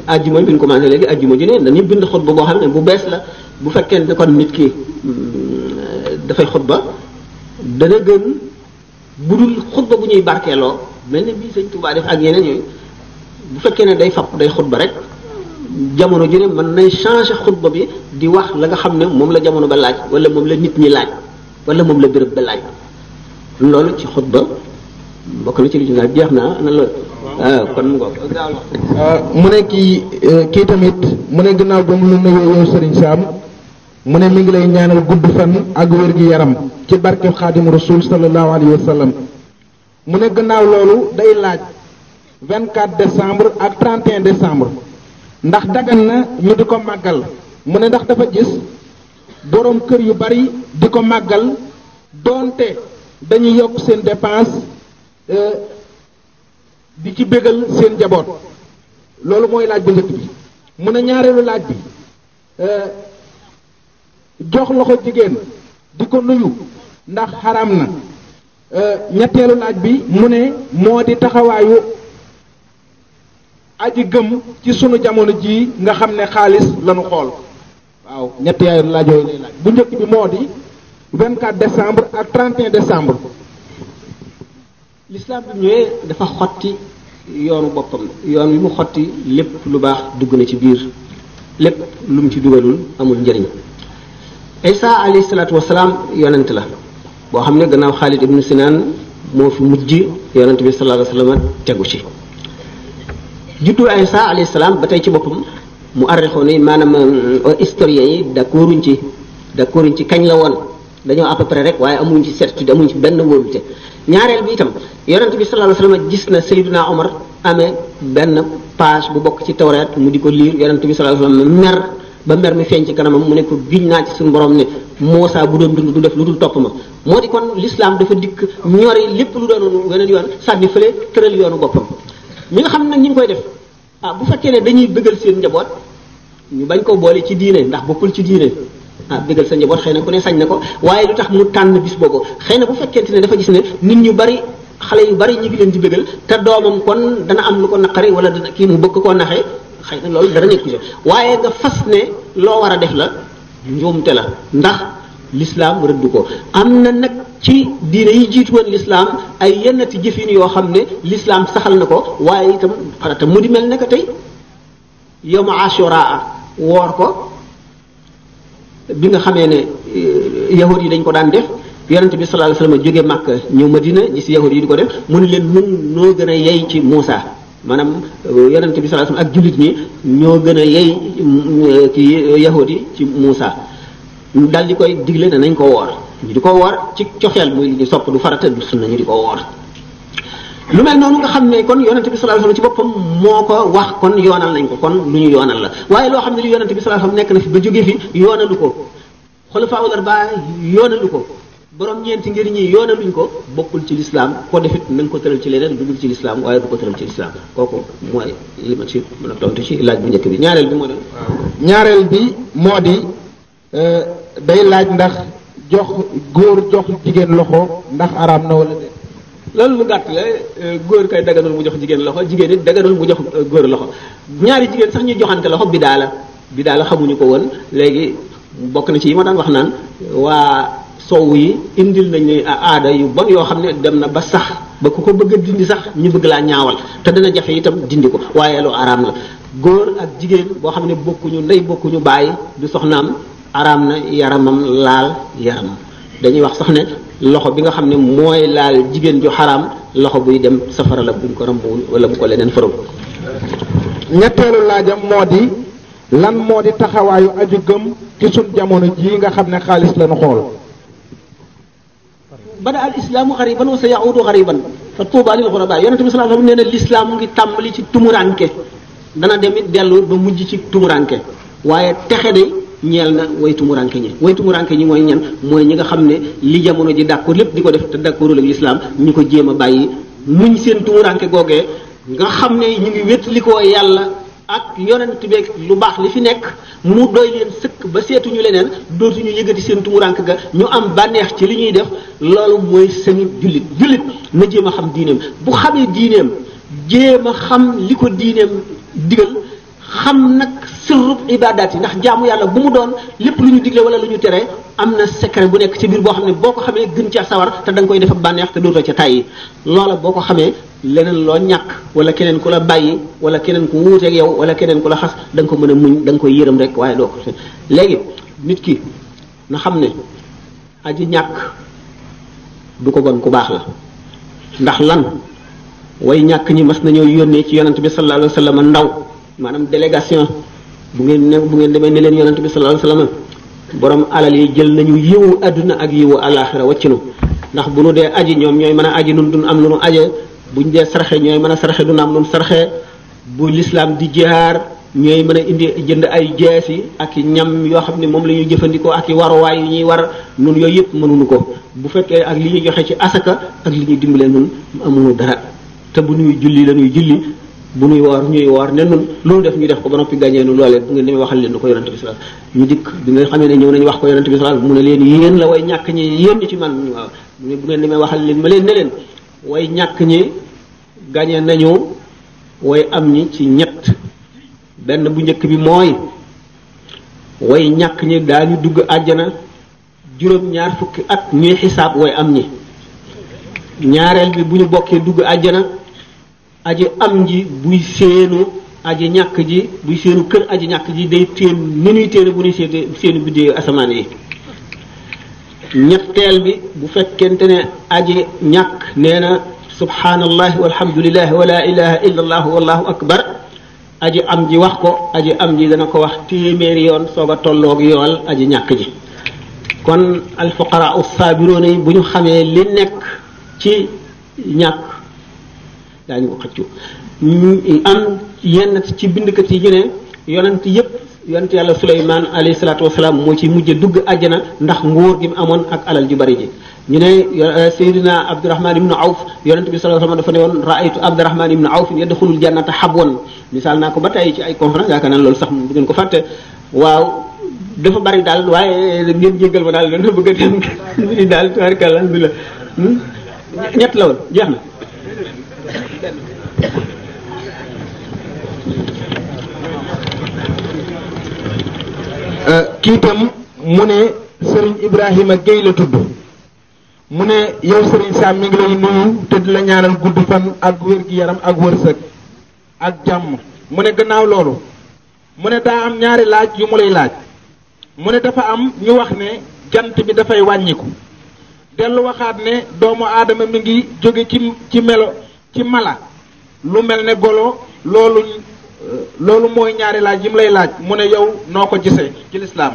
Speaker 1: ajjuma euh, bi ñu commencé léegi ajjuma ji ne dañuy bind xutba boo xam ne bu bees la bu fekkee ne kon nit ki mm, dafay xutba dana gën bu dul xutba bu ñuy barkeeloo mel ne bii sëñ Tuubaa def ak yeneen yooyu bu fekkee ne day fap day xutba rek jamono ju ne mën nay changer xutba bi di wax la nga xam ne moom la jamono ba laaj wala moom la nit ñi laaj wala moom la béréb ba laaj loolu ci xutba bokk na ci li ci laaj jeex naa na la ah mu ngoog. Ah, mu ne kii eh, kii tamit mu ne gannaaw ba mu nuyoo yow Serigne Sam. mu ne mi ngi lay ñaanal gudd fan ak wér gi yaram ci barkeb xaadim rasul sallallahu alayhi wa sallam mu ne gannaaw loolu day laaj 24 décembre ak 31 décembre ndax dagan na ñu di ko màggal mu ne ndax dafa gis boroom kër yu bari di ko màggal doonte dañuy yokk seen dépense euh, di ci bégal seen njaboot loolu mooy laaj bu njëkk bi mu ne ñaareelu laaj bi euh, jox loxo jigéen di ko nuyu ndax xaram na euh, ñetteelu laaj bi mu ne moo di taxawaayu aji gëm ci sunu jamono jii nga xam ne xaalis lañu xool waaw ñetteelu laaj yooyu lay laaj bu njëkk bi moo di 24 décembre ak 31 décembre l'islam bi ñëwee dafa xotti yoonu boppam yoon wi mu xotti lépp lu baax dugg na ci biir lépp lu mu ci dugalul amul njëriñ isa alayhi salaatu wasalaam yonant la boo xam ne gannaaw xaalid ibnu sinaan moo fi mujj yonent bi sallallahu alayhi tegu ci juddu isa alayhi salaam ba tey ci boppam mu arrixoon yi maanaam euh, historiens yi d'accorduñ ci d'accorduñ ci kañ la woon dañoo à peu près rek waaye amuñ ci certitude amuñ ci benn wóolute ñaareel bi itam yonent bi sallallahu alayhi wasallam gis na Sayyiduna Omar amee benn page bu bokk ci tawreet mu di ko liir yonent bi sallallahu alayhi wasallam ba mer mi feeñ ci kanamam mu ne ko giñ naa ci suñu borom ne Moussa bu doon dund du def lu dul topp ma moo di kon lislaam dafa dikk ñori lépp lu doon weneen yoon sànni fële tëral yoonu boppam ñi nga xam na ñi ngi koy def ah bu fekkee ne dañuy bëggal seen njaboot ñu bañ ko boole ci diine ndax bokkul ci diine ah bëggal sa xëy ne ku ne sañ na ko waaye lu tax mu tànn bis boobu xëy na bu fekkente ne dafa gis ne nit ñu bari xale yu bari ñu ngi leen di bëggal te doomam kon dana am lu ko naqari wala dana kii mu bëgg koo naxee xay na loolu dara nekku ci waaye nga fas ne loo war a def la njuumte la ndax lislaam rëdd ko am na nag ci diine yi jiitu woon lislaam ay yennati jëfin yoo xam ne lislaam saxal na ko waaye itam farata mu di mel ne tey ma ashuraa woor ko bi nga xamee ne eh, yahud yi dañ ko daan def yonent bi sallallahu alayhi a jóge Màkka ñëw Madina si yahud yi di ko def mu ne leen nun noo gën a yey ci Muusa maanaam euh, yonente bi sallallahu ak jullit ñi ñoo gën a yey ci euh, euh, yahudi yi ci Muusa ñu dal di koy digle ne nañ ko woor ñu di ko woor ci coxeel muy li ñu sopp du farata du sunna ñu di ko woor lu mel noonu nga xam ne kon yonente bi sallallahu alayhi wasallam ci boppam moo ko wax kon yoonal nañ ko kon lu ñu yoonal la waaye loo xam ne li yonente bi sallallahu alayhi nekk na fi ba jóge fi yoonalu ko xulafa ul arba yoonalu ko borom ñeenti ngir ñii ñi yoonaluñ ko bokkul ci lislaam koo def na nga ko tëral ci leneen dugul ci lislaam waaye bu ko tëral ci lislaam kooku mooy li ma ci mën a tontu ci laaj bu njëkk bi ñaareel bi moo ne bi moo di euh, day laaj ndax jox góor jox jigéen loxo ndax araam na wala déet loolu lu gàtt euh, kay daganul mu jox jigéen loxo jigéen it daganul mu jox euh, góor loxo ñaari jigéen sax ñu joxante loxo bi daala bi daala xamuñu ko woon léegi bokk na ci yi ma daan wax naan waa soow yi indil nañu aada yu bon yoo xam ne dem na ba sax ba ku ko bëgg a dindi sax ñu bëgg laa ñaawal te dana jafe itam dindi ko waaye lu araam la góor ak jigéen boo xam ne bokkuñu ndey bokkuñu bàyyi du soxnaam araam na yaramam laal yaramam dañuy wax sax ne loxo bi nga xam ne mooy laal jigéen ju xaraam loxo buy dem safara la buñ ko rambul wala bu ko leneen faram. ñetteelu laajam moo di lan moo di taxawaayu aju gëm ci suñ jamono jii nga xam ne xaalis lañu xool. bada al islaamu xariban wa sa yaudu xariban fa tuuba lil xurabaa yonente bi sallallahu alayhi wasallam nee na lislaam mu ngi tàmbali ci tumuranke dana demit dellu ba mujj ci tumuranke waaye texe day ñeel na way tumuranke ñi way tumuranke ñi mooy ñan mooy ñi nga xam ne li jamono ji d'accord lépp di ko def te d'accordul ak lislaam ñu ko jéem a bàyyi muñ seen tumuranke googee nga xam ne ñu ngi li koo yàlla ak yonent beeg lu baax li fi nekk mu doy leen sëkk ba seetuñu leneen dootuñu yëgati seen tumurank ga ñu am bànneex ci li ñuy def loolu mooy sëñu jullit jullit na jéem a xam diineem bu xamee diineem jéem a xam li ko diineem digal xam nag sirru ibadat yi ndax jaamu yàlla bu mu doon lépp lu ñu digle wala lu ñu tere am na secret bu nekk ci biir boo xam ne boo ko xamee gën ca sawar te da koy def ak bànneex te dootoo ca tay loola boo ko xamee leneen loo ñàkk wala keneen ku la bàyyi wala keneen ku wuuteeg yow wala keneen ku la xas da nga ko mën a muñ da nga koy yërëm rek waaye doo ko léegi nit ki na xam ne aji ñàkk du ko gon ku baax la ndax lan way ñàkk ñi mas nañoo yónnee ci yonent bi sallallahu alayhi wa sallam ndaw maanaam délégation bu ngeen ne bu ngeen demee ne leen yonante bi sallallahu alayhi wasallam borom alal yi jël nañu yiwu àdduna ak yiwu àllaaxira waccinu ndax bu nu dee aji ñoom ñooy mën a aji nun dun am lu nu bu buñ dee sarxee ñooy mën a sarxe dun am lu nu sarxe bu lislaam di jihaar ñooy mën a indi jënd ay jees yi ak i ñam yoo xam ne moom la ñuy jëfandikoo ak i waruwaay yi ñuy war nun yooyu yëpp mënuñu ko bu fekkee ak li ñuy joxe ci asaka ak li ñuy dimbalee nun amuñu dara te bu julli la julli bu nuy waar ñuy waar ne nun lu nu def ñu def ko ba noppi gàñee nu loolee bu ngeen demee waxal leen ko yonante bi sallallahu ñu dikk bi nga xamee ne ñëw nañu wax ko yonante bi sallallahu alayhi wasallam mu ne leen yéen la way ñàkk ñi yéen ñi ci man waaw mu ne bu ngeen demee waxal leen ma leen ne leen way ñàkk ñi gàñee nañu way am ñi ci ñett benn bu njëkk bi mooy way ñàkk ñi daañu dugg àjjana juróom-ñaar fukki at ñuy xisaab way am ñi ñaareel bi bu ñu bokkee dugg àjjana aji am ji buy seenu aji ñàkk ji buy seenu kër aji ñàkk ji day téen ni nuy téene bu nuy seete seenu biddeeyu asamaan yi ñetteel bi bu fekkente ne aji ñàkk nee na subhaanallahi walhamdulillahi wa la ilaha illa allah wallahu akbar aji am ji wax ko aji am ji dana ko wax téeméeri yoon soog a tolloog yool aji ñàkk ji kon alfuqara u saabiroon yi bu ñu xamee li nekk ci ñàkk daañu ko xëccu am yenn ci bindkat yi ñu ne yonent yépp yonent yàlla Suleymaan alayhi salaatu wasalaam moo ci mujj dugg àjjana ndax nguur gi mu amoon ak alal ju bari ji ñu ne eh, Seydina Abdurahman ibnu Awf yonent bi sallallahu alayhi wasallam dafa ne woon raaytu Abdurahman ibnu Awf yadxulul jannata habwan misaal naa ko ba tey ci ay conférence yaakaar naa loolu sax du ngeen ko fàtte waaw dafa bari daal waaye ngeen jéggal ma daal dana bëgg a daal tubaarkalla alhamdulilah hmm? ñett la woon jeex na Euh, kii tam mu ne Serigne Ibrahima Gueye la tudd mu ne yow Serigne Sam mi ngi lay nuyu te di la gudd fan ak wér-gi-yaram ak wërsëg ak jàmm mu ne gannaaw loolu mu ne daa am ñaari laaj yu mu lay laaj mu ne dafa am ñu wax ne jant bi dafay wàññiku dellu ne doomu aadama mi ngi jóge ci ci melo ci mala lu mel ne golo loolu euh, loolu mooy ñaari laaj yi mu lay laaj mu ne yow noo ko gisee ci lislaam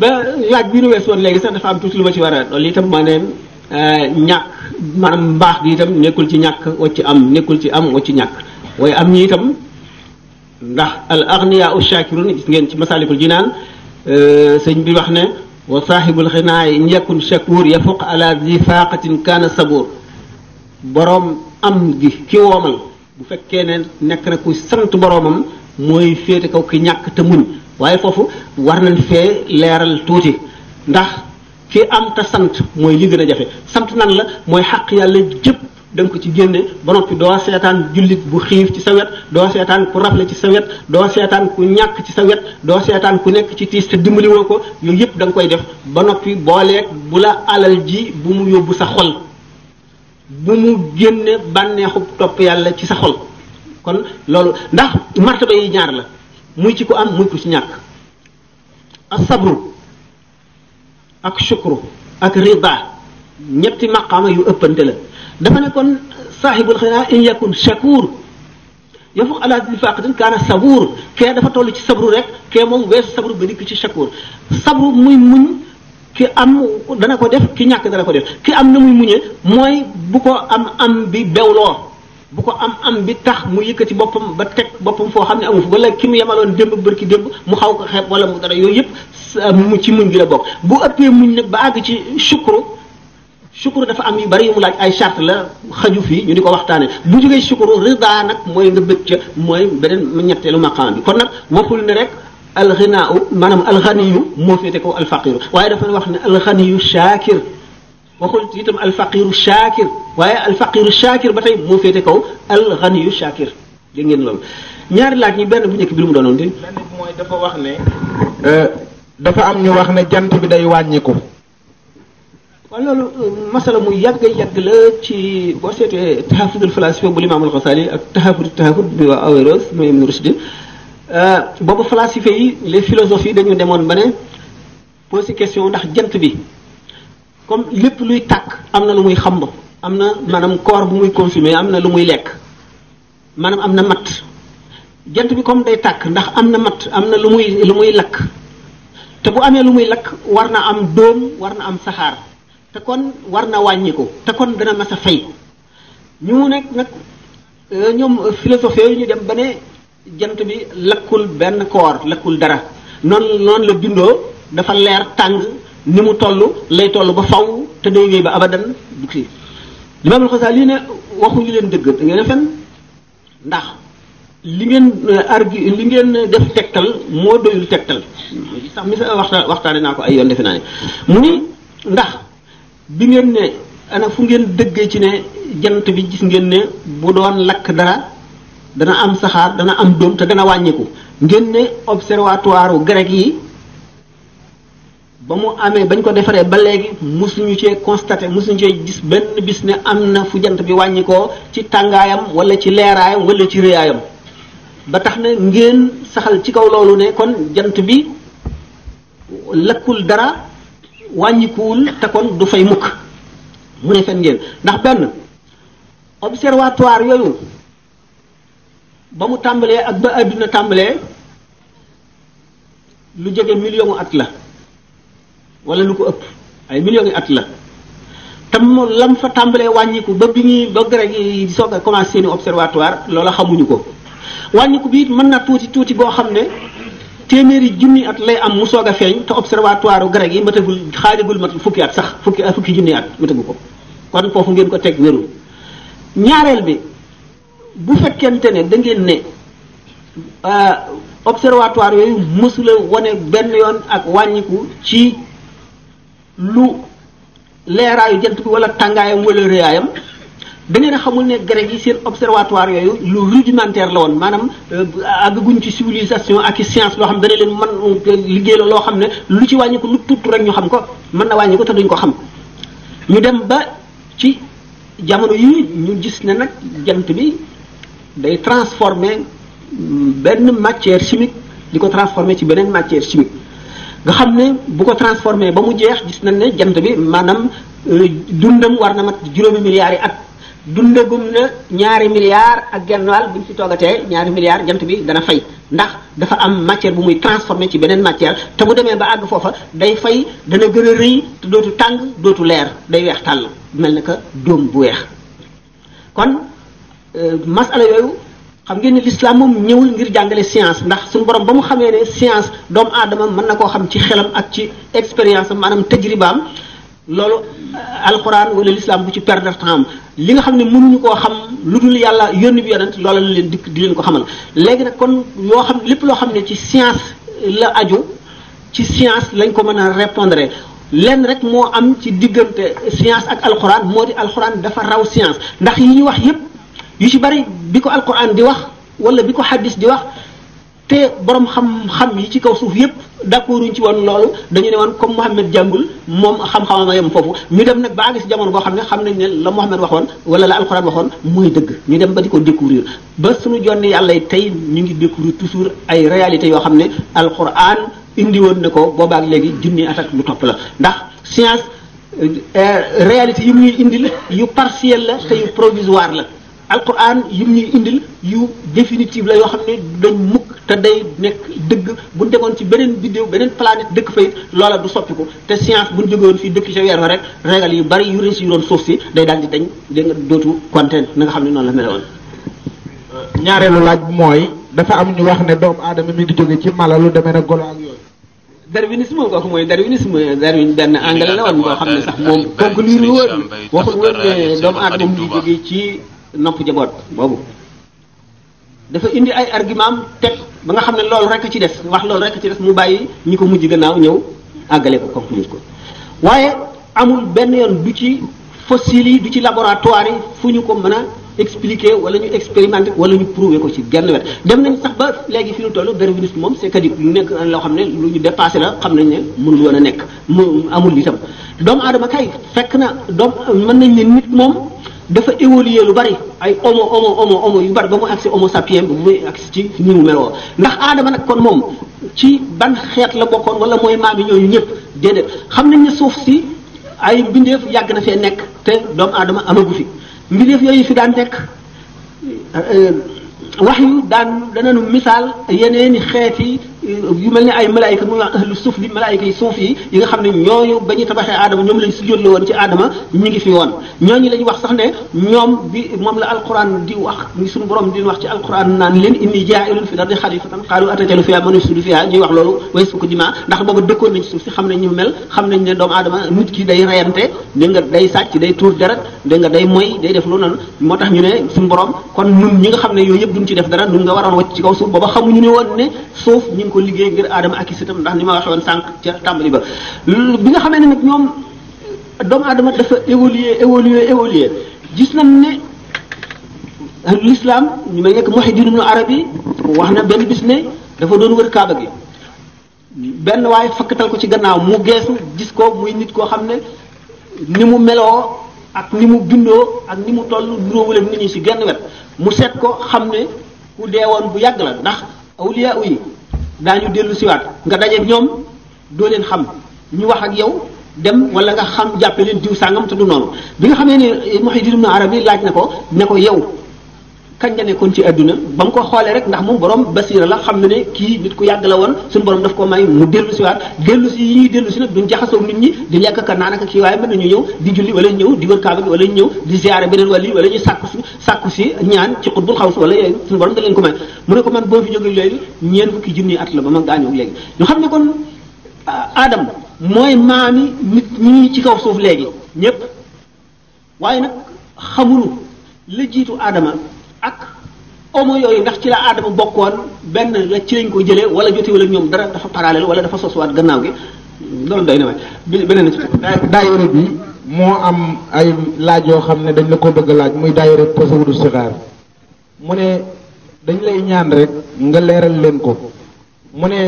Speaker 1: ba laaj bi nu weesoon léegi sax dafa am tuuti lu ma ci war a loolu itam maa neen euh, ñàkk ma mbaax gi itam nekkul ci ñàkk ci am nekkul ci am ci ñàkk waaye am ñi itam ndax al agniya u shakirun gis ngeen ci masalikul jinaan euh, sëñ bi wax ne wa saahibul xinaa in yakun shakur yafuq ala zi faqatin kaana sabur boroom am gi ki woomal bu fekkee ne nekk na ku sant boroomam mooy féete kaw ki ñàkk te muñ waaye foofu war nañ fee leeral tuuti ndax ki am te sant mooy li gën a jafe sant nan la mooy xaq yàlla jëpp da ko ci génne ba noppi doo seetaan jullit bu xiif ci sa wet doo seetaan ku rafle ci sa wet doo seetaan ku ñàkk ci sa wet doo seetaan ku nekk ci tiis te dimbali ko yooyu yëpp da nga koy def ba noppi booleeg bu la alal ji bu mu yóbbu sa xol bu mu génne bànneexu topp yàlla ci sa xol kon loolu ndax martaba yi ñaar la muy ci ko am muy ku ci ñàkk asabru ak shukru ak rida ñetti maqaama yu ëppante la dafa ne kon saaxibul xira in yakun shakur yafuq ala di faqatin kaana sabuur kee dafa tollu ci sabru rek kee moom weesu sabru ba dikk ci shakur sabru muy muñ ki am dana ko def ki ñàkk dana ko def ki am na muy muñe mooy bu ko am am bi bewloo bu ko am am bi tax mu yëkkati boppam ba teg boppam foo xam ne amu fa wala ki mu yemaloon démb bërki démb mu xaw ko xepp wala mu dara yooyu yëpp mu ci muñ gi la bokk bu ëppee muñ nag ba àgg ci sukru sukuru dafa am yu bari yu mu laaj ay charte la xaju fii ñu di ko waxtaanee bu jógee sukuru rida nag mooy nga bëgg ca mooy beneen ñetteelu maqaam bi kon nag waxul ne rek alxinaaw maanaam alxaniyu moo féete ko alfaqiru waaye dafa wax ne alxaniyu shaakir waxul itam alfaqiru shaakir waaye alfaqiru shaakir ba tey moo féete kaw alxaniyu shaakir dégg ngeen loolu ñaari laaj ñi benn bu njëkk bi mu doonoon di. mooy dafa wax ne. Euh, am ñu wax ne jant bi day wàññiku. waaw loolu euh, masala mu yàgg la ci boo seetee taxafudul falaasifa bu limaamul xasaali ak taxafud taxafud bi waa Averroès mooy Ibn Rushd Euh, boobu philosophes yi les philosophes yi dañu demoon ba ne posé question ndax jant bi comme lépp luy tàkk am na lu muy xamb am na maanaam corps bu muy consumé am na lu muy lekk maanaam am na matt jant bi comme day tàkk ndax am na matt am na lu muy lu muy lakk te bu amee lu muy lakk war na am dóom war na am saxaar te kon war na wàññiku te kon dana ma a fay ñu nekk nag euh, ñoom euh, philosophe yooyu ñu dem ba ne jant bi lakkul benn koor lakkul dara noonu noonu la bindoo dafa leer tàng ni mu toll lay toll ba faw te day wéy ba abadan bu kii limaamul Xasaali ne waxuñu leen dëgg da ngeen fen ndax li ngeen euh, argi li ngeen def tegtal moo doyul tegtal sax mi sa waxta waxtaane naa ko ay yoon defe naa ne mu ni ndax bi ngeen ne ana fu ngeen dëggee ci ne jant bi gis ngeen ne bu doon lakk dara dana am saxaar dana am dóom te dana wàññiku ngeen ne observatoire grec yi ba mu amee bañ ko defaree ba léegi mosuñu cee constaté mosuñu cee benn bis ne am na fu jant bi wàññikoo ci tàngaayam wala ci leeraayam wala ci réyaayam ba tax na ngeen saxal ci kaw loolu ne kon jant bi lakkul dara wàññikuwul te kon du fay mukk mu ne fen ngeen ndax benn observatoire yooyu ba mu tàmbalee ak ba àdduna tàmbalee lu jege million at la wala lu ko ëpp ay million at la te mu lam fa tàmbalee wàññiku ba bi ñuy ba gi yi di soog a commencé seeni observatoire loola xamuñu ko wàññiku bi mën na tuuti tuuti boo xam ne téeméeri junni at lay am mu soog a feeñ te observatoire grec gi matagul xaajagul mat fukki at sax fukki fukki junni at matagu ko kon foofu ngeen ko teg wérul ñaareel bi bu fekkente ne da ngeen ne euh, observatoire yooyu mësula wone benn yoon ak wàññiku ci lu leeraayu jant bi wala tàngaayam wala réyaayam da ngeen a xamul ne grec yi seen observatoire yooyu lu rudimentaire la woon maanaam euh, guñ ci civilisation ak i science loo xam dana leen mën liggéey la loo xam ne lu ci wàññi lu tuut rek ñu xam ko mën na wàññi ko te duñ ko xam ñu dem ba ci jamono yi ñu gis ne nag jant bi day transformer mm, benn matière chimique di ko transformer ci beneen matière chimique nga xam ne bu ko transformé ba mu jeex gis nañ ne jant bi maanaam euh, dundam war na mat juróomi milliards yi at dundagum na ñaari milliards ak genn wàll bu ñu fi toogatee ñaari milliards jant bi dana fay ndax dafa am matière bu muy transformé ci beneen matière te bu demee ba àgg foofa day fay dana gën a rëy te dootu tàng dootu leer day weex tàll mel na que dóom bu weex Euh, masala yooyu xam ngeen ni l'islam moom ñëwul ngir jàngale science ndax suñu borom ba mu xamee ne science doomu aadama mën na koo xam ci xelam ak ci expérience am maanaam tajribaam loolu euh, alquran wala l'islam bu ci perdre temps li nga xam ne mënuñu koo xam lu dul yàlla yónni bi yonent loola la leen dikk di leen ko xamal léegi nag kon yoo xam lépp loo xam ne ci science la aju ci science lañ ko mën a répondre lenn rek moo am ci diggante science ak alquran moo di alquran dafa raw science ndax yi ñuy wax yépp yu ci bari bi ko alquran di wax wala bi ko xaddis di wax te borom xam-xam yi ci kaw suuf yépp d'accorduñ ci woon loolu dañu ne woon comme Mouhamed jàngul moom xam-xamam a yem foofu ñu dem nag ba àgg si jamono boo xam ne xam nañ ne la Mouhamed waxoon wala la alquran waxoon mooy dëgg ñu dem ba di ko découvrir ba suñu jonne yàlla tey ñu ngi découvrir toujours ay réalités yoo xam ne alquran indi woon na ko boobaak léegi junni at ak lu topp la ndax science euh, réalité yu muy indi la yu partielle la te yu la alquran yim ñuy indil yu définitive la yoo xam ne dañ mukk te day nekk dëgg bu ñu demoon ci beneen vidéo beneen planète dëkk fa it loola du soppiku te science bu ñu jógewoon fii dëkk ca weer rek régal yu bari yu réussiroon suuf si day daal di dañ dégg nga dootu kontaan na nga xam ne noonu la meloon. Euh, ñaareelu laaj bi mooy dafa am ñu wax ne doomu aadama mi ngi jóge ci mala lu demee nag golo ak yooyu. darwinisme kooku mooy darwinisme darwin benn anglais la woon boo xam ne ci. nopp jaboot boobu dafa indi ay argument te ba nga xam ne loolu rek ci des wax loolu rek ci des mu bàyyi ñi ko mujj gannaaw ñëw àggale ko conclure ko waaye amul benn yoon du ci fossile yi du ci laboratoire yi fu ñu ko mën a expliquer wala ñu expérimenter wala ñu prouver ko ci genn wet dem nañ sax ba léegi fi ñu toll darwinisme moom c'est caduc lu nekk loo xam ne lu ñu dépassé la xam nañ ne mënul woon a nekk mu amul itam doomu aadama kay fekk na doom mën nañ ne nit moom dafa évoluer lu bari ay homo homo homo homo yu bari ba mu agsi homo sapiens bi muy agsi ci ni mu meloo ndax aadama nag kon moom ci ban xeet la bokkoon wala mooy maam yi ñooñu ñëpp déedéet xam nañ ne suuf si ay mbindeef yàgg na fee nekk te doomu aadama amagu fi mbindeef yooyu fi daan nekk euh, euh, wax yu daan danañu misaal yeneeni xeet yi yu mel ne ay malaayika mu naan ahlu suuf li malaayika yi suuf yi yi nga xam ne ñooñu ba ñu tabaxee aadama ñoom lañ sujjóotle woon ci aadama ñu ngi fi woon ñooñu lañ wax sax ne ñoom bi suñu borom di wax ci alquran naan leen inni jaa'ilun wax loolu way sukk dima ndax booba dëkkoon si xam nañ ñu mel xam nañ ne doomu aadama nit ki day reyante da nga day sàcc day tuur deret day moy day def lu nan moo tax ñu ne suñu borom kon ñun ñu nga xam ne yooyu yëpp duñ ci def dara ñun nga waroon wacc ci kaw suuf booba xamuñu ne woon ne suuf ko liggéey ngir aadama ak i sëtam ndax ni ma waxee woon sànq ca tàmbali ba bi nga xamee ne nag ñoom doomu aadama dafa évoluer évoluer évoluer gis nañ ne lislaam ñu may nekk Muhyiddin ibn mu wax na benn bis ne dafa doon wër kaaba gi benn waaye fakkatal ko ci gannaaw mu geesu gis ko muy nit koo xam ne ni mu meloo ak ni mu bindoo ak ni mu toll duro ak nit ñi ci genn wet mu seet ko xam ne ku woon bu yàgg la ndax awliya yi daañu dellu siwaat nga dajeeg ñoom doo leen xam ñu wax ak yow dem wala nga xam jàppe leen diw sàngam te du noonu bi nga xamee ne Muhyiddin arab Arabi laaj na ko ne ko yow kañ la nekkoon ci àdduna ba mu ko xoolee rek ndax moom borom basiira la xam na ne kii nit ku yàgg la woon suñu borom daf ko may mu dellu si waat dellu si yi ñuy dellu si nag duñ jaxasoo nit ñi di lekk ka naan ak kii waaye mën nañu ñëw di julli wala ñëw di wër kaaba gi wala ñëw di ziare beneen wàll wala ñu sàkku si ñaan ci xutbul xaw si wala yooyu suñu borom da leen ko may mu ne ko man boo fi jógee léegi ñeen fukki junni at la ba ma gaañoo léegi ñu xam ne ah, ci kaw suuf léegi ñëpp waaye nag xamulu la ak omo yooyu ndax ci la aadama bokkoon benn la ci lañ ko jëlee wala jote wala ñoom dara dafa parallèle wala dafa soswaat gannaaw gi loolu day na waay beneen na ci bi moo am ay laaj yoo xam ne dañ la ko bëgg a laaj muy daayira Tasawudu Sixaar mu ne dañ lay ñaan rek nga leeral leen ko mu ne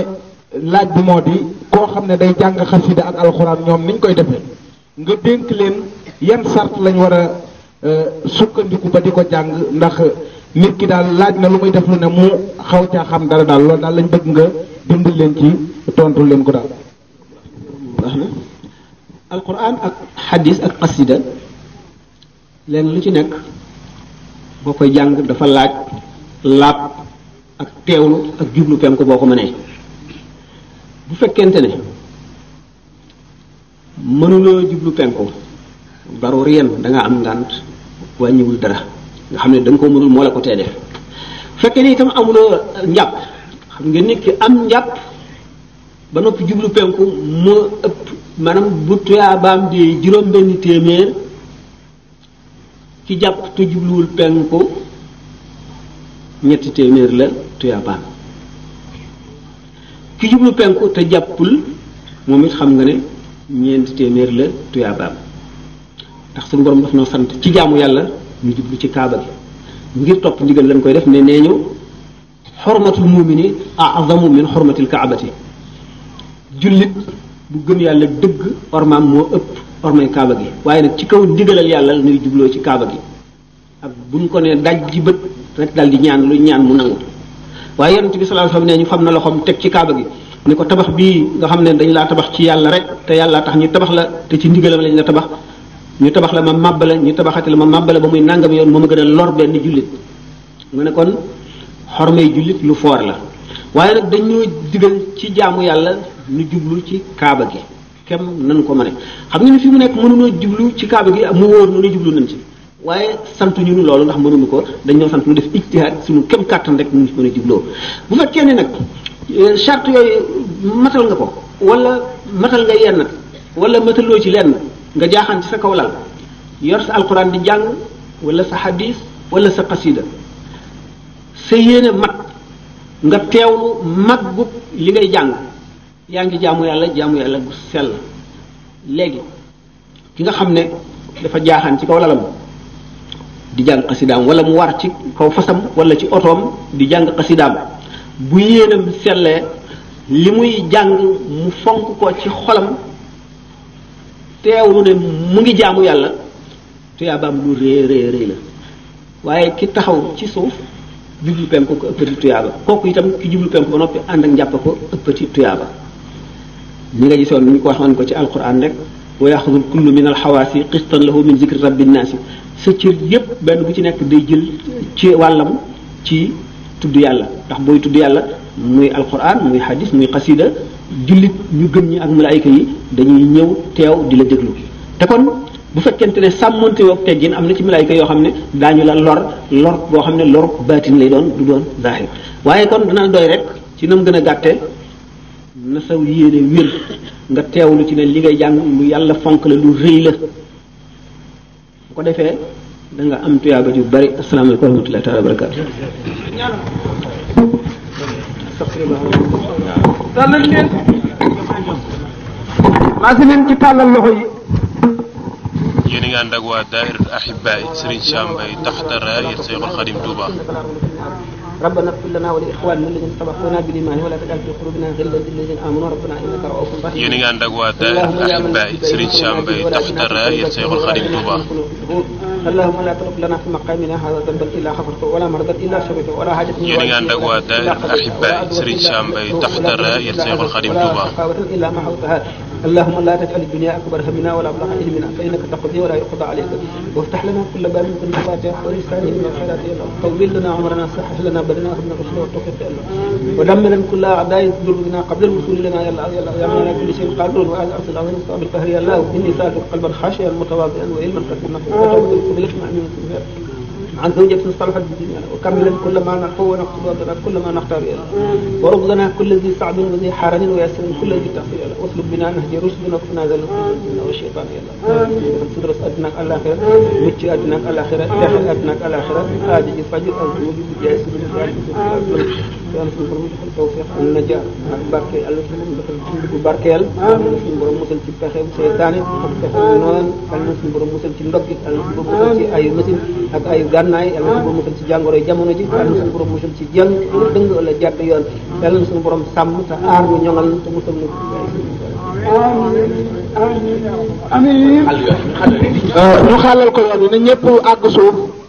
Speaker 1: laaj bi moo di koo xam ne day jàng xasida ak alxuraan ñoom niñ koy defee nga dénk leen yan sart lañ war a Euh, sukkandiku ba di ko jàng ndax nit ki daal laaj na lu muy def lu ne mu xaw caa xam dara daal loolu daal lañ bëgg nga dimbal leen ci tontu leen ko daal. wax na ak xadis ak asida leen lu ci nekk boo koy jàng dafa laaj laab ak teewlu ak jublu penk boo ko ne bu fekkente ne mënuloo jublu penku daruriyeen da nga am ngànt wàññiwul dara nga xam ne da nga ko mënul moo la ko tee def fekkee ne itam amuloo njàpp xam nga nit ki am njàpp ba noppi jublu penku moo ëpp maanaam bu tuyaabaam di juróom benn téeméer ki jàpp te jubluwul penku ñetti téeméer la tuyaabaam ki jublu penku te jàppul moom it xam nga ne ñeenti téeméer la tuyaabaam ndax suñu borom daf noo sant ci jaamu yàlla ñu jublu ci kaaba gi ngir topp ndigal lañ koy def ne nee ñu xormatul mumini azamu min xormatil kaabati jullit bu gëm yàlla dëgg ormaam moo ëpp ormay kaaba gi waaye nag ci kaw ndigalal yàlla nuy jubloo ci kaaba gi ak buñ ko ne daj ji bët rek dal di ñaan lu ñaan mu nangu waaye yonent bi sallallahu alayhi wasallam ne ñu fam na loxoom teg ci kaaba gi ne ko tabax bi nga xam ne dañ laa tabax ci yàlla rek te yàlla tax ñu tabax la te ci ndigalam lañ la tabax ñu tabax la ma màbbale ñu tabaxati la ma màbbale ba muy nàngam yoon moo ma gën a lor benn jullit mu ne kon xormay jullit lu foor la waaye nag dañoo digal ci jaamu yàlla nu jublu ci kaaba gi kem nan ko ma mëne xam nga ni fi mu nekk mënuñoo jublu ci kaaba gi mu wóor nu ne jublu nañ ci waaye sant ñu loolu ndax mënuñu ko dañ dañoo sant ñu def ijtihaad suñu kem kàttan rek ñu mën a jubloo bu fekkee kenn nag euh, charte yooyu matal nga ko walla matal nga yenn wala mataloo ci lenn nga jaaxaan ci sa kaw lal yor sa alquran di jàng wala sa xadis wala sa xasida sa yéene mat nga mag maggub li ngay jàng yaa ngi jaamu yàlla jaamu yàlla gu sell léegi ki nga xam ne dafa jaaxaan ci kaw lalam di jàng xasidaam wala mu war ci kaw fasam wala ci otoom di jàng xasidaam bu yéenam sellee li muy jàng mu fonk ko ci xolam teewlu ne mu ngi jaamu yàlla tuyaabaam lu rëy rëy rëy la waaye ki taxaw ci suuf jublu penku ko ëppati tuyaaba kooku itam ki jublu penku ba noppi ànd ak njàpp ko ëppati tuyaaba ni nga gisoon ñu ko waxoon ko ci alquran rek wa yaxudul kullu min alxawaasi qistan lahu min zikri rabbi naasi sa cër yépp benn bu ci nekk day jël ci wàllam ci tudd yàlla ndax booy tudd yàlla muy alquran muy hadis muy xasida jullit ñu gën ñi ak malaayika yi dañuy ñëw teew di la déglu te kon bu fekkente ne sàmmonte woog teggin am na ci malaayika yoo xam ne daañu la lor lor boo xam ne lor baatin lay doon du doon zaahir waaye kon dana doy rek ci nam gën a gàtte na saw yéene wér nga teewlu ci ne li ngay jàng lu yàlla fonk la lu rëy la bu ko defee da nga am tuyaaba yu bari asalaamaaleykum wa rahmatullahi taala wa tàllal leen maa si leen ci tàllal loxo yi yéen ربنا اغفر لنا ولاخواننا الذين سبقونا بالايمان ولا تجعل في قلوبنا غلا للذين امنوا ربنا انك رؤوف رحيم. yéen a ngi ànd ak waa daayira Al-Ahibahî Serigne Sam Mbaye taxu dara ya Seexul Xadim Tuuba. اللهم لا تترك لنا في مقامنا هذا ذنبا الا غفرته ولا مرضا الا شفيته ولا حاجة yéen a ngi ànd ak waa daayira Al-Ahibahî Serigne Sam Mbaye taxu dara ya Seexul Xadim Tuuba. اللهم لا تجعل الدنيا اكبر همنا ولا مبلغ علمنا فانك تقضي ولا يقضى عليك وافتح لنا كل باب كنا فاتحه ورزقنا من الخيرات يا الله طول لنا عمرنا صحح لنا بدنا اهلنا الرشد والتوفيق يا الله ودمر كل اعداء يضر بنا قبل الوصول لنا يا الله يا الله يا على كل شيء قادر وعلى ارض العظيم الصعب القهر يا الله اني سالك قلبا خاشعا متواضعا وعلما قد نقل وتوكل بالاسماء من عن زوجة صلحت بالدنيا وكملت كل ما نحو ونقص وضرب كل ما نختار وربنا كل ذي صعب وذي حرج ويسر كل ذي تقي واطلب بنا نهج رشد وقنا ذل والشيطان يلا تدرس أدناك الآخرة مجد أدناك الآخرة داخل أدناك الآخرة آجي فجر الزوج بجائز من yàlla suñu borom defal tawfeex am na jaar ak barke yàlla suñu borom defal dundu barkeel suñu borom musal ci pexe seytaane ak pexe noonu yàlla suñu borom musal ci ndog gi yàlla suñu borom musal ci ayu machine ak ayu gànnaay yàlla na borom musal ci jàngoro jamono ji yàlla na suñu borom musal ci jàng dëng wala jàdd yoon yàlla na suñu borom sàmm te aar ñu ñoŋal te musal ñu amiin amiin ah, ñu xàllal ko yoon yi na ñëpp àgg suuf